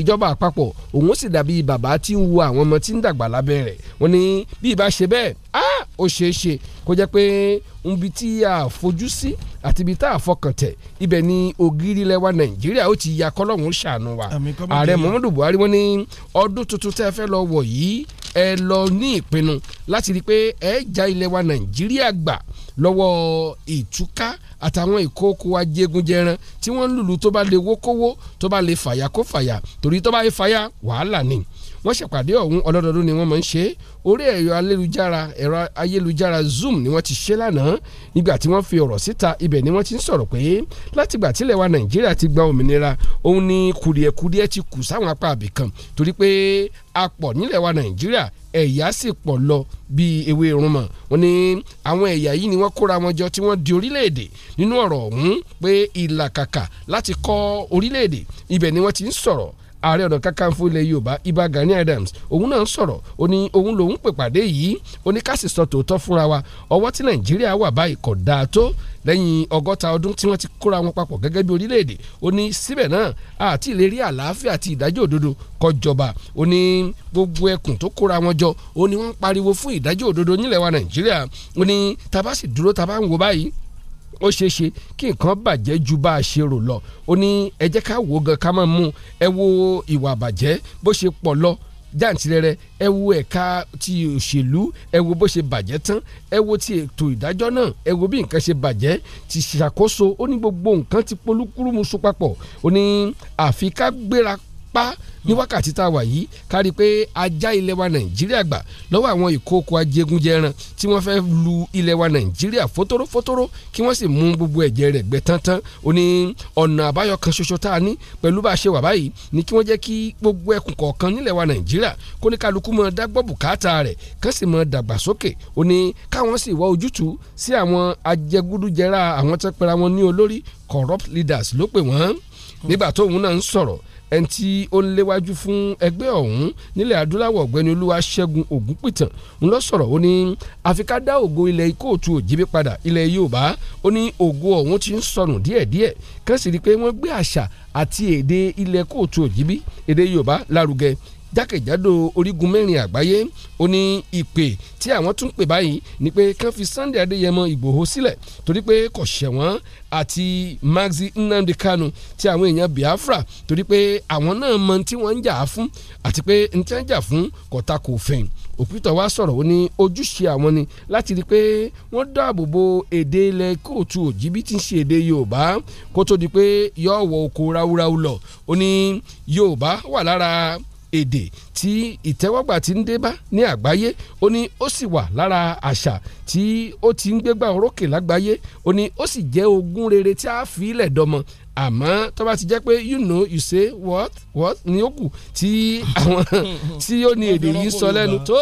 ìjọba àpapọ̀ òun sì dàbí bàbá tí ń wo àwọn ọmọ tí ń dàgbà lábẹ́ rẹ̀ wọ́n ní bí ìbá ṣe bẹ́ẹ̀ á ó ṣeé ṣe kó jẹ́ pé nbi tí a fojú sí àti ibi tá a fọkàn tẹ̀ ibẹ̀ ni ògiri lẹ́wà nàìjíríà ó ti ya kọ́lọ́hún ṣàánú wa ààrẹ muhammadu buhari wọ́n ní ọdún tuntun tẹ́ fẹ́ lọ wọ̀ yìí ẹ lọ ní ìpinnu láti rí i pé ẹ ilẹ̀ wa nàìjíríà gbà lọ́wọ́ ìtúká àtàwọn ìkókó ajégúnjẹran tí wọ́n ń lùlù tó bá lè wókówó tó bá lè fàyà kó fàyà torí tó bá lè fàyà wàhálà ni wọ́n ṣèpàdé ọ̀hún ọlọ́dọọdún ni wọ́n máa ń ṣe é orí ẹ̀rọ ayélujára ẹ̀rọ ayélujára zoom ni wọ́n ti ṣe lánàá nígbà tí wọ́n fi ọ̀rọ̀ síta ibẹ̀ ni wọ́n ti ń sọ̀rọ̀ pé látìgbà tílẹ̀ wa nàìjíríà ti gba òmìnira òun ni kùdìẹ̀kùdìẹ̀ ti kù sáwọn apá àbìkan torí pé a nílẹ̀ wa nàìjíríà ẹ̀yà sì pọ̀ lọ bíi ewé irunmọ̀ wọ́n ní àwọn ẹ̀yà yìí ni wọ́n kóra wọn jọ tí wọ́n di orílẹ̀-èdè nínú ọ̀rọ̀ ọ̀hún pé ìlàkàkà láti kọ́ orílẹ̀-èdè ibẹ̀ ni wọ́n ti ń sọ̀rọ̀ ààrẹ ọ̀nà kakanfò ilẹ̀ yorùbá ibà gani adams òun náà ń sọ̀rọ̀ ó ní òun lòun pèpàdé yìí ó ní káàsì sọ tòótọ́ fúnra wa ọwọ́ tí nàìjíríà wà báyìí kò dáa tó lẹ́yìn ọgọ́ta ọdún tí wọ́n ti kóra wọn papọ̀ gẹ́gẹ́ bí orílẹ̀-èdè ó ní síbẹ̀ náà àti ìlérí àlàáfíà àti ìdájọ́ òdodo kọjọba ó gbogbo ẹkùn tó kóra wọn jọ ó wọ́n pariwo fún ìdájọ́ òdodo nílẹ̀ wa nàìjíríà ó tabasi dúró tabá báyìí ó ṣeé ṣe kí nǹkan bàjẹ́ ju bá a ṣe rò lọ ó ní ẹ jẹ́ ká wò gan ká máa mú ẹ wo ìwà bàjẹ́ bó ṣe pọ̀ lọ jàǹtìrẹrẹ ẹ wo ẹ̀ka ti òṣèlú ẹ wo bó ṣe bàjẹ́ tán ẹ wo ti ètò ìdájọ́ náà ẹ wo bí nǹkan ṣe bàjẹ́ ti ṣàkóso ó ní gbogbo nǹkan ti polúkúrúmuṣu papọ̀ ó ní àfi ká gbéra ipá ní wákàtí tá a wà yìí kárí pé ajá ilẹ̀ wa nàìjíríà gbà lọ́wọ́ àwọn ìkókò ajégunjẹran tí wọ́n fẹ́ lu ilẹ̀ wa nàìjíríà fótórófótóró kí wọ́n sì mú gbogbo ẹ̀jẹ̀ rẹ̀ gbẹ tántán ó ní ọ̀nà àbáyọ kan ṣoṣo tá a ní pẹ̀lú bá a ṣe wà báyìí ni kí wọ́n jẹ́ kí gbogbo ẹkùn kọ̀ọ̀kan nílẹ̀ wa nàìjíríà kó ní kálukú mọ dágbọ́ bùkátà rẹ̀ kán sì mọ dàgbàsókè ó ní káwọn sì wá ojútùú sí àwọn ajẹgúdújẹra àwọn tẹ́pẹ́ra wọn ní olórí corrupt leaders ló pè wọ́n nígbà tóun náà ń sọ̀rọ̀ ẹni tí ó ń léwájú fún ẹgbẹ́ ọ̀hún nílẹ̀ adúláwọ̀ ọ̀gbẹ́ni olúwaṣẹ́gun ògúnpìtàn ń lọ sọ̀rọ̀ ó ní àfi ká dá ògo ilẹ̀ kóòtù òjìbí padà ilẹ̀ yorùbá ó ní ògo ọ̀hún ti ń sọnù díẹ̀díẹ̀ kàn rí i pé wọ́n gbé àṣà àti èdè ilẹ̀ kóòtù òjìbí èdè yorùbá lárugẹ jákèjádò orígun mẹ́rin àgbáyé ó ní ìpè tí àwọn tún pè báyìí ni pé kán fi Sunday Adéyẹmọ Ìgbòho sílẹ̀ torí pé kò ṣẹ̀wọ̀n àti Maxi Nnamdi Kanu ti àwọn èèyàn Biafra torí pé àwọn náà mọ tí wọ́n ń jà fún àti pé n tí wọ́n ń jà fún kò ta kò fẹ̀yìn òpítọ̀ wá sọ̀rọ̀ ó ní ojúṣe àwọn ni láti rí i pé wọ́n dáàbò bo èdè ilẹ̀ kóòtù òjìbìtì ṣe èdè yorùbá kó tó di pé yọ̀ọ̀wọ̀ oko ráúráú lọ ó ní yorùbá wà lára èdè tí ìtẹ́wọ́gbà ti ń dé bá ní àgbáyé ó ní ó sì wà lára àṣà tí ó ti ń gbégbá orókè lágbàáyé ó ní ó sì jẹ́ ogún rere tí a fi ilẹ̀ dọmọ àmọ́ tó bá ti jẹ́ pé you know you say what what ni ó kù tí àwọn tí ó ní èdè yìí sọ lẹ́nu tó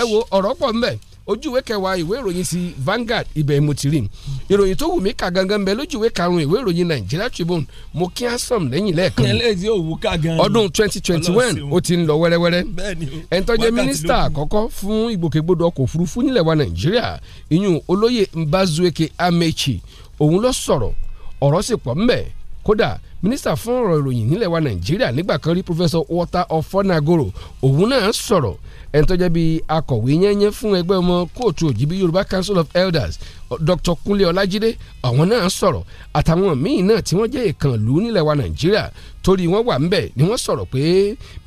ẹ wo ọ̀rọ̀ pọ̀ ń bẹ ojú ìwé kẹwàá ìwé ìròyìn ti Vanguard ibẹ̀ mo ti rí ìròyìn tó wù mí kà gangan bẹ lójú karùn ìwé ìròyìn Nigeria Tribune mo kí asom lẹ́yìn lẹ́ẹ̀kan ọdún twenty twenty one ó ti ń lọ wẹ́rẹ́wẹ́rẹ́ ẹ̀ńtọ́jẹ́ mínísítà fún ìgbòkègbodò ọkọ̀ òfurufú wa Nàìjíríà ìyún olóyè Mbazueke Amechi òun ló sọ̀rọ̀ ọ̀rọ̀ sì kódà mínísítà fún ọ̀rọ̀ ìròyìn nílẹ̀ wa nàìjíríà nígbà kan rí pòfẹ́sọ Walter Ofonagoro òun náà sọ̀rọ̀ ẹni tó jẹ́ bí akọ̀wé yẹ́nyẹ́ fún ẹgbẹ́ ọmọ kóòtù òjìbí Yorùbá Council of Elders Dr Kunle Ọlájídé àwọn náà sọ̀rọ̀ àtàwọn míì náà tí wọ́n jẹ́ ìkànnlú nílẹ̀ wa nàìjíríà torí wọ́n wà ńbẹ̀ ni wọ́n sọ̀rọ̀ pé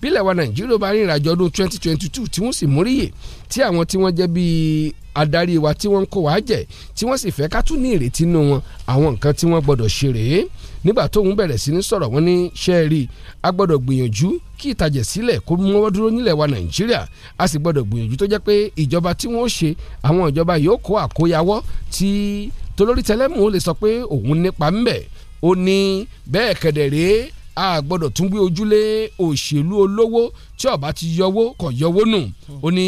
bílẹ̀ wa nàìjíríà bá rìnrìn àjò ọdún twenty twenty two tí wọ́n sì móríyè tí àwọn tí wọ́n jẹ́ bíi adarí wa tí wọ́n ń kó wa jẹ tí wọ́n sì fẹ́ ká tún ní ìrètí nínú wọn àwọn nǹkan tí wọ́n gbọ́dọ̀ ṣe rèé nígbà tóun bẹ̀rẹ̀ sí ní sọ̀rọ̀ wọn ní ṣẹ́ẹ̀rì a gbọ́dọ̀ gbìyànjú kí ìtajà sílẹ̀ kó mọ́wọ́ dúró nílẹ̀ wa nàìjíríà a sì gbọ́dọ̀ gbìyànjú tó jẹ́ pé ìjọba tí wọ́n ṣe àwọn ìjọba yóò kó àkóyawọ́ tí tolórí tẹlẹ́mù ó lè sọ pé òun nípa ńbẹ̀ ó ní bẹ́ẹ̀ kẹ̀dẹ̀ rèé a gbọ́dọ̀ tún gbé ojúlé òṣèlú olówó tí ọba ti yọwó kò yọwó nù ó ní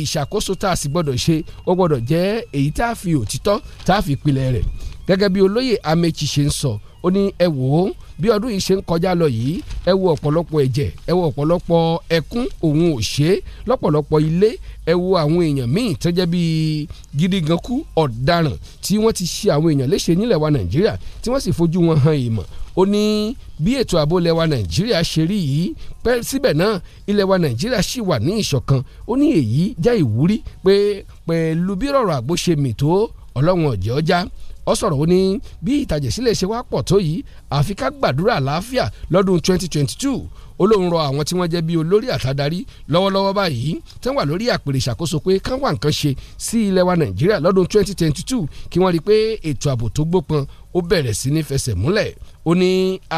ìṣàkóso tá a sì gbọ́dọ̀ ṣe ó gbọ́dọ̀ jẹ́ èyí tá a fi òtítọ́ tá a fi pilẹ̀ rẹ̀ gẹ́gẹ́ bí olóyè Amechi ṣe ń sọ ó ní ẹ wò ó bí ọdún yìí ṣe ń kọjá lọ yìí ẹ wo ọ̀pọ̀lọpọ̀ ẹ̀jẹ̀ ẹ wo ọ̀pọ̀lọpọ̀ ẹkún òun ò ṣe é lọ́pọ̀lọpọ̀ ilé ẹ wo àwọn èèyàn míì tẹ́jẹ́ bíi gidiganku ọ̀daràn tí wọ́n ti ṣe àwọn èèyàn léṣe nílẹ̀ wa Nàìjíríà tí wọ́n sì fojú wọn hàn ìmọ̀ ó ní bí ètò ààbò ilẹ̀ wa Nàìjíríà ṣe rí yìí pẹ́ síbẹ̀ náà ilẹ̀ wa Nàìjíríà ṣì wà ní ìṣọ̀kan ó ní èyí jẹ́ ìwúrí pé pẹ̀lú bí rọ̀rọ̀ àgbo ṣe mì tó ọlọ́run ọ̀jẹ̀ ọjà ó sọ̀rọ̀ ó ní bí ìtàjẹ̀sílẹ̀ ṣe wá pọ̀ tó yìí àfi ká gbàdúrà àlàáfíà lọ́dún 2022 ó lóun rọ àwọn tí wọ́n jẹ́ bíi olórí àtàdarí lọ́wọ́lọ́wọ́ báyìí tán wà lórí àpèrè ìṣàkóso pé kán wà nǹkan ṣe sí ilẹ̀ wa nàìjíríà lọ́dún 2022 kí wọ́n rí i pé ètò ààbò tó gbópọn ó bẹ̀rẹ̀ sí ní fẹsẹ̀ múlẹ̀ ó ní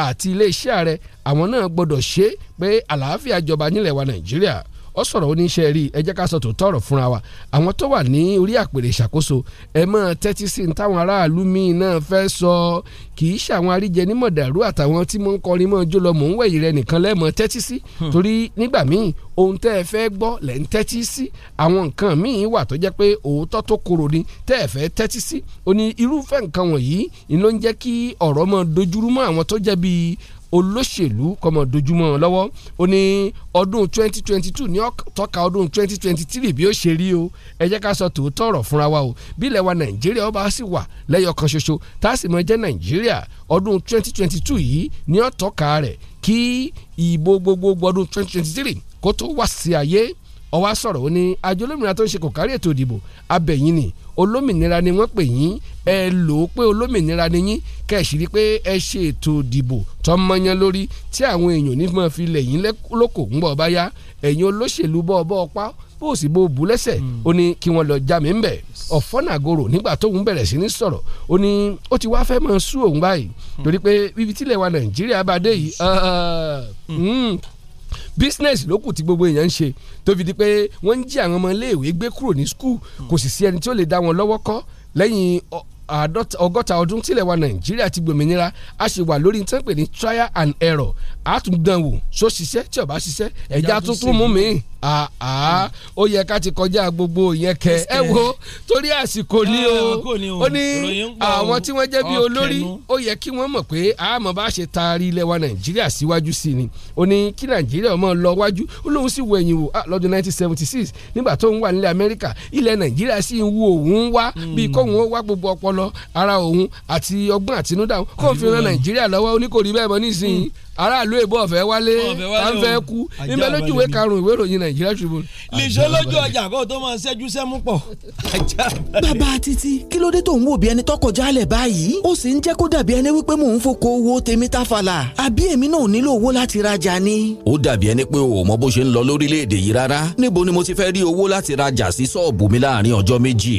àti iléeṣẹ́ ààrẹ àwọn náà gbọ́dọ̀ ṣe pé àlàáfíà jọba nílẹ̀ wa nàìjíríà ọ sọ̀rọ̀ oníṣẹ́ rí ẹ jẹ́ ká sọ tó fúnra wa àwọn tó wà ní orí àpèrè ìṣàkóso ẹ máa tẹ́tí sí ní táwọn aráàlú míì náà fẹ́ sọ kì í ṣàwọn àríjẹ ní mọ̀dàrú àtàwọn tí mo ń kọrin mọ́ jó lọ mò ń wẹ̀yìn rẹ nìkan lẹ́ẹ̀mọ́ tẹ́tí sí hmm. torí nígbà míì ohun tẹ́ ẹ fẹ́ gbọ́ lẹ̀ ń tẹ́tí sí àwọn nǹkan míì wà tó jẹ́ pé òótọ́ tó korò ni tẹ́ ẹ fẹ́ tẹ́tí sí o ní irúfẹ́ nǹkan wọ̀nyí ni ló ń jẹ́ kí ọ̀rọ̀ mọ́ dojúrú mọ́ àwọn tó jẹ́ bíi olóṣèlú kọmọ dojúmọ́ lọ́wọ́ ó ní ọdún 2022 ní ọ̀tọ́ka ọdún 2023 bí ó ṣe rí o ẹ jẹ́ ká sọ tòótọ́ ọ̀rọ̀ fúnra wa o bí ilẹ̀ wa nàìjíríà ọba sì wà lẹ́yọ̀ kan ṣoṣo tá a sì mọ jẹ́ nàìjíríà ọdún 2022 yìí ní ọ̀tọ́ka rẹ̀ kí ìbò gbogbogbò ọdún 2023 kó tó wá sí ayé ó wá sọ̀rọ̀ ó ní àjọ olómìnira tó ń ṣe kò kárí ètò ìdìbò abẹ̀yìn ni olómìnira ni wọ́n pè yín ẹ lò ó pé olómìnira ni yín kẹ̀sì rí pé ẹ ṣe ètò ìdìbò tọmọyán lórí tí àwọn èèyàn onímọ̀ fi lẹ̀ yín lóko ń bọ̀ báyá ẹ̀yin olóṣèlú bọ́ ọbọ̀ ọpá bó o sì bó o bù lẹ́sẹ̀ hmm. ó ní kí wọ́n lọ já mi ń bẹ̀ ọ̀fọ́nàgòrò nígbà tóun bẹ̀rẹ̀ sí ní sọ̀rọ̀ ó ní ó ti wá fẹ́ mọ sú òun báyìí hmm. torí pé ibi tílẹ̀ wa nàìjíríà bá dé yìí hmm. business lókù tí gbogbo èèyàn ń ṣe tó fi di pé wọ́n ń jí àwọn ọmọ iléèwé gbé kúrò ní skul kò sì sí ẹni tí ó lè dá wọn lọ́wọ́ kọ́ lẹ́yìn ọgọ́ta ọdún tílẹ̀ wa nàìjíríà ti gbòmìnira a sì wà lórí tán pé ní trial and error àtúndànwò sóṣìṣẹ́ tí ó bá ṣiṣẹ́ ẹ̀já tuntun mú mi. Ah, ah. ó yẹ ká ti kọjá gbogbo yẹn kẹ ẹ wo torí àsìkò ni ah, o ó ní àwọn tí wọ́n jẹ́ bí olórí ó yẹ kí wọ́n mọ̀ pé àmọ́ bá ṣe taari ilẹ̀ wa nàìjíríà síwájú sí ni ó ní kí nàìjíríà máa lọ wájú ó lóun sì wẹ̀yìn wò lọ́dún 1976 nígbà tó ń wà nílẹ̀ amẹ́ríkà ilẹ̀ nàìjíríà sì ń wo òun wá hmm. bíi kóun ó wá gbogbo ọpọlọ ara òun àti ọgbọ́n àtinúdá kóun fi ran hmm. nàìjíríà lọ́wọ́ ó ní kò rí bẹ́ẹ̀ mọ́ nísìnyí aráàlú èbó ọ̀fẹ́ wálé táǹfẹ́ kú níbẹ̀ lójú ìwé karùn-ún ìwé ìròyìn nàìjíríà tribune. lìṣó lójú ọjà kó tó máa ṣẹ́jú sẹ́mú pọ̀. bàbá títí kí ló dé tó ń wò bí ẹni tọkọ jálẹ̀ báyìí ó sì ń jẹ́ kó dàbí ẹni wípé mò ń foko owó tèmi táfàlà àbí èmi náà nílò owó láti rajà ni. ó dàbí ẹni pé o ò mọ bó ṣe ń lọ lórílẹ̀‐èdè yìí rárá níbo ni mo ti fẹ́ rí owó láti rajà sí ṣọ́ọ̀bù mi láàrin ọjọ́ méjì.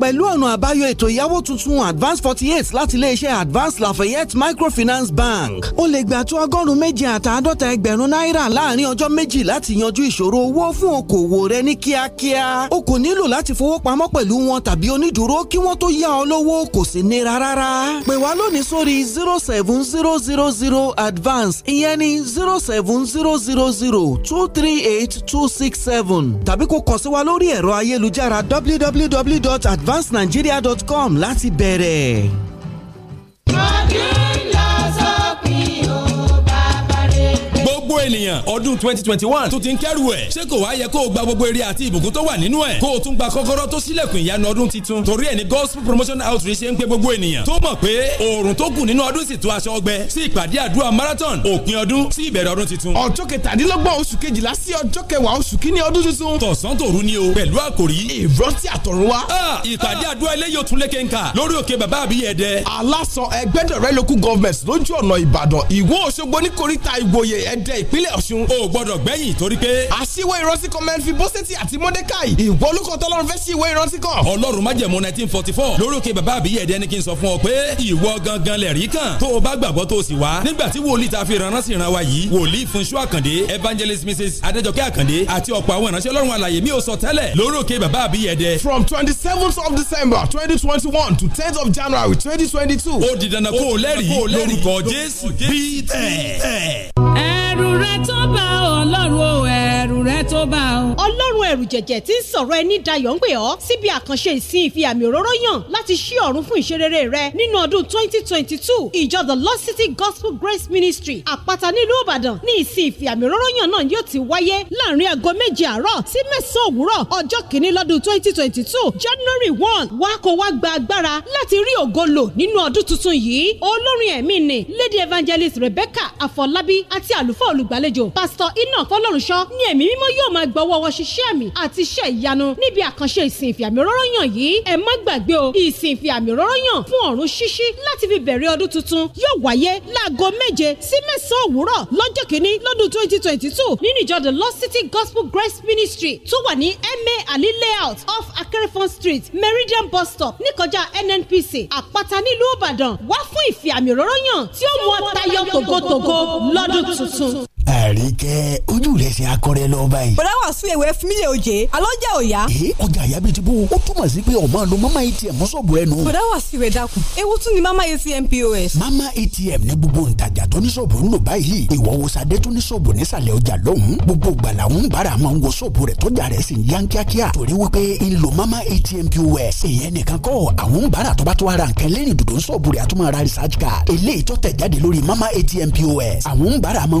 pẹ̀lú ọ̀nà àbáyọ ètò ìyàwó tuntun advance forty eight láti iléeṣẹ́ advance Lafayette microfinance bank ó lè gbà two ọgọ́rùn-ún méje àtàádọ́ta ẹgbẹ̀rún náírà láàrin ọjọ́ méjì láti yanjú ìṣòro owó fún okòwò rẹ ní kíákíá. o kò nílò láti fowópamọ́ pẹ̀lú wọn tàbí onídùúró kí wọ́n tó yá ọ lówó kò sì nira rárá. pè wá lónìí sórí zero seven zero zero zero advance ìyẹn ní zero seven zero zero zero two three eight two six seven tàbí kò kàn sí wa lórí ẹ̀rọ ayélujára www.advancenigeria.com láti bẹ̀rẹ̀. Rock you. ènìyàn ọdún twenty twenty one tó ti ń kẹ́rù ẹ̀ ṣé kò wá yẹ kó o gba gbogbo eré àti ìbùkún tó wà nínú ẹ̀ kó o tún gba kọ́kọ́rọ́ tó sílẹ̀kùn ìyanu ọdún titun torí ẹ̀ ní gospel promotion outreach ṣe ń pe gbogbo ènìyàn tó mọ̀ pé oòrùn tó kù nínú ọdún sì tó aṣọ ọgbẹ́ sí ìpàdé àdúrà marathon òpin ọdún sí ìbẹ̀rẹ̀ ọdún titun. ọjọ́ kẹtàdínlọ́gbọ̀n oṣù kejìlá sí ọjọ́ kẹwàá oṣù kínní ọdún tuntun. tọ̀sán tòru ni o pẹ̀lú àkòrí ìrántí àtọ̀run wa. ìpàdé àdúrà eléyìí òtún lékè ń kà lórí òkè bàbá àbí ẹ̀dẹ. aláṣọ ẹgbẹ́dọ̀rẹ́ government lójú ọ̀nà ìbàdàn ìwó òṣogbo ní koríta ìwòye ẹ̀dẹ́ ìp ìpínlẹ̀ Ọ̀ṣun o gbọ́dọ̀ gbẹ́yìn torí pé. àṣìwé ìrántí kan mẹ́rin fi bọ́sẹ̀tì àti mọ́dékàì ìwọ olùkọ́ tọ́lọ́run fẹ́ sí ìwé ìrántí kan. ọlọ́run májẹ̀mú nineteen forty four lórí òkè bàbá àbíyẹ̀ ẹ̀dẹ́ ni kí n sọ fún ọ pé ìwọ gangan lẹ̀ rí kàn tó o bá gbàgbọ́ tó o sì wá. nígbà tí wòlíì ta fi ránṣẹ́ ìran wa yìí wòlíì Fúnṣọ́ Àkàndé evangelist mrs Adéjọkẹ́ Àkàndé àti ọ̀pọ̀ àwọn ìránṣẹ́ ọlọ́run alàyè mi ò sọ tẹ́lẹ̀ lórí òkè bàbá àbíyẹ̀ ẹ̀dẹ́. from twenty seventh of December twenty twenty to tenth of January twenty twenty two. ó di dandan kó o lẹ́rìí lórúkọ Jésù bí tẹ̀. ẹrù rẹ tó bá ọlọ́run o ẹ̀rù rẹ tó bá o. ọlọ́run ẹ̀rù jẹ̀jẹ̀ tí ń sọ̀rọ̀ ẹni dayọ̀ ń pè ọ́ síbi àkànṣe ìsìn ìfi àmì òróró yàn láti ṣí ọ̀run fún ìṣerere rẹ nínú ọdún twenty ìjọ the lost city gospel grace ministry àpáta nílùú ìbàdàn ní ìsìn ìfi àmì òróró yàn náà yóò ti wáyé láàrin aago méje àárọ̀ sí mẹ́sàn-án òwúrọ̀ ọjọ́ kìíní lọ́dún twenty january 1. wá kó wá gba agbára láti rí ògo lò nínú ọdún tuntun yìí olórin ẹ̀mí ni lady evangelist rebecca afolabi àti àlùfáà olùg agbàlejò pásítọ̀ enoch fọlọ́runṣọ́ ní ẹ̀mí mímọ́ yóò máa gba ọwọ́ ṣiṣẹ́ àmì àti iṣẹ́ ìyanu níbi àkànṣe ìsìn ìfì àmì òróró yàn yìí ẹ má gbàgbé o ìsìn ìfì àmì òróró yàn fún ọ̀run ṣíṣí láti fi bẹ̀rẹ̀ ọdún tuntun yóò wáyé láago méje sí mẹ́sàn-án òwúrọ̀ lọ́jọ́ kìíní lọ́dún twenty twenty two nínú ìjọ lost city gospel grace ministry tó wà ní ma ali layout off akérèfọ́n street meridian bus stop níkọjá nnpc àpáta nílùú ìbàdàn wá fún ìfì àmì òróró yàn tí ó mú ọ tayọ tògótògó tuntun àríkẹ́ ojú rẹ̀ ṣe akọrẹ lọ báyìí. bọ̀dá wà sún ewé fún mi lè oje alọ́ jẹ́ òya. ee ọjà àyà bíi ti bó o túmọ̀ sí pé ọmọ lo mama atm mọ́sọ̀bù ẹnu. bọ̀dá wà sí ìwé dàkún ewu tún ni mama atm pos. mama atm ní gbogbo ntajà tó ní sọ̀bù ń lò báyìí ìwọ wo sadé tó ní sọ̀bù nísàlẹ̀ ọjà lọ́hùn gbogbo gbala ń bára máa ń wo sọ̀bù rẹ̀ tọ́jà rẹ̀ sì ń yan kíákíá torí mama atm pos èèyàn nìkan kọ́ àwọn ń bára tó bá tó ara nǹkan lẹ́yìn dòdò sọ̀bù card eléyìí tó tẹ̀ jáde lórí mama atm pos àwọn ń bára máa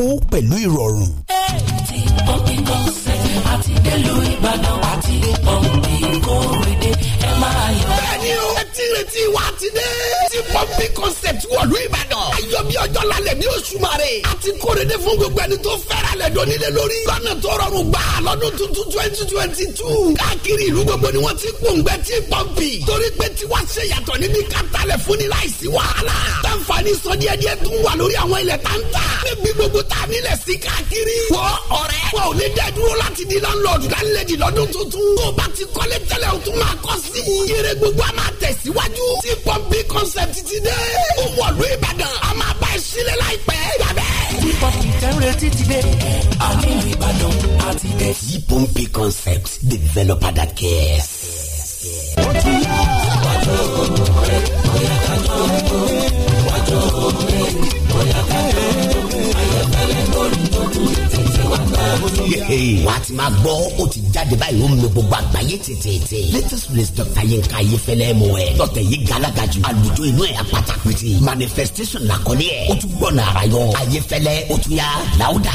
owó pẹ̀lú ìrọ̀rùn. ti pọ́ǹpì kọ́sẹ̀ àti délùú Ìbàdàn àti pọ́ǹpì kórèdè ni o. ẹtí retí wa ti dé. ti pọ́ńpì concept wọ̀lú ìbàdàn. ayọ̀bí ọjọ́ lálẹ́ ní oṣù mare. a ti kóre dé fún gbogbo ẹni tó fẹ́ra lẹ̀ dọ́nilé lórí. lọ́nà tó rọrùn gbà lọ́dún tuntun twenty twenty two. káàkiri ìlú gbogbo ni wọ́n ti gbòǹgbẹ́ ti pọ́ńpì. torí pé tiwa ṣe yàtọ̀ níbi kátàlẹ̀ fún ni láìsí wàhálà. tàǹfààní sọ díẹ̀díẹ̀ tún wà lórí àwọn ilẹ̀ táǹtà. níbi gbogbo tá a nílẹ̀ sí káàkiri. wọ ọ̀rẹ́ wọn ò ní dẹ́ dúró láti di láńlọ́ọ̀dù lálẹ́ di lọ́dún tuntun. tó o bá ti kọ́lé tẹ́lẹ̀ o tún máa kọ́ sí. yẹrẹ gbogbo máa tẹ̀síwájú tí pọ́ńpì concept ti dé. ó wọ̀lú ìbàdàn a máa bá ẹ sílẹ̀ láìpẹ́ gbàgbẹ́. tí pọ́ńpì tẹ́ ń retí ti dé. àmì ìbàdàn a ti dé. tí pọ́ńpì concept developer that cares. wájú wájú òkúrẹ́ bóyá kájọ́ òkúrẹ́ wájú òkúrẹ́ bóyá kájọ́ òkúrẹ́ wà á ti máa gbọ́ ó ti jáde báyìí ó ń lo gbogbo àgbáyé tètè. latest release Dr. Yinka Ayefẹlẹ mu ẹ dr yìí galaga jù àlùjọ inú ẹ apata pété manifestation làkọlé ẹ ó tún gbọ́ nàrà yọ Ayefẹlẹ ó tún yà láwùdà.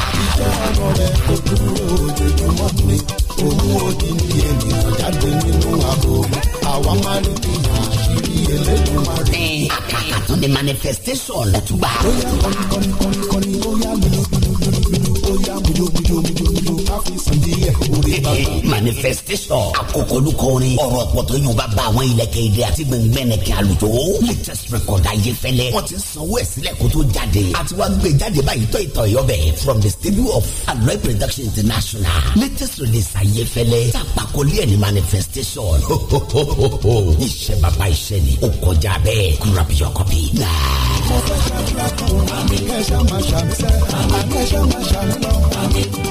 Owó odi ni ènìyàn jáde nínú àbò, àwa máa ń fi hàn àṣírí ẹlẹ́dùn máa rí. Àkàkà tó ni manifestation ọ̀lẹ́tùgbà. Ó yẹ kọ́ni kọ́ni kọ́ni kọ́ni ó yá mujo mujo mujo manifestation àkókò olùkọ́ orin ọ̀rọ̀ ọ̀pọ̀tọ́ yóò bá bá àwọn ilẹ̀kẹ̀ ilé àti gbẹ̀ngbẹ̀nẹ̀kẹ̀ àlùjọ. latest record ayéfẹ́lẹ́ wọ́n ti sanwó ẹ̀ sílẹ̀ kó tó jáde àti wá gbé jáde báyìí tọ́ ìtọ̀ ìyọ́bẹ̀ from the studio of aloe production international latest release ayéfẹ́lẹ́ tàpákọ́lé ẹ̀ ní manifestation iṣẹ́ bàbá iṣẹ́ ni ó kọjá bẹ́ẹ̀ grab your copy now. mo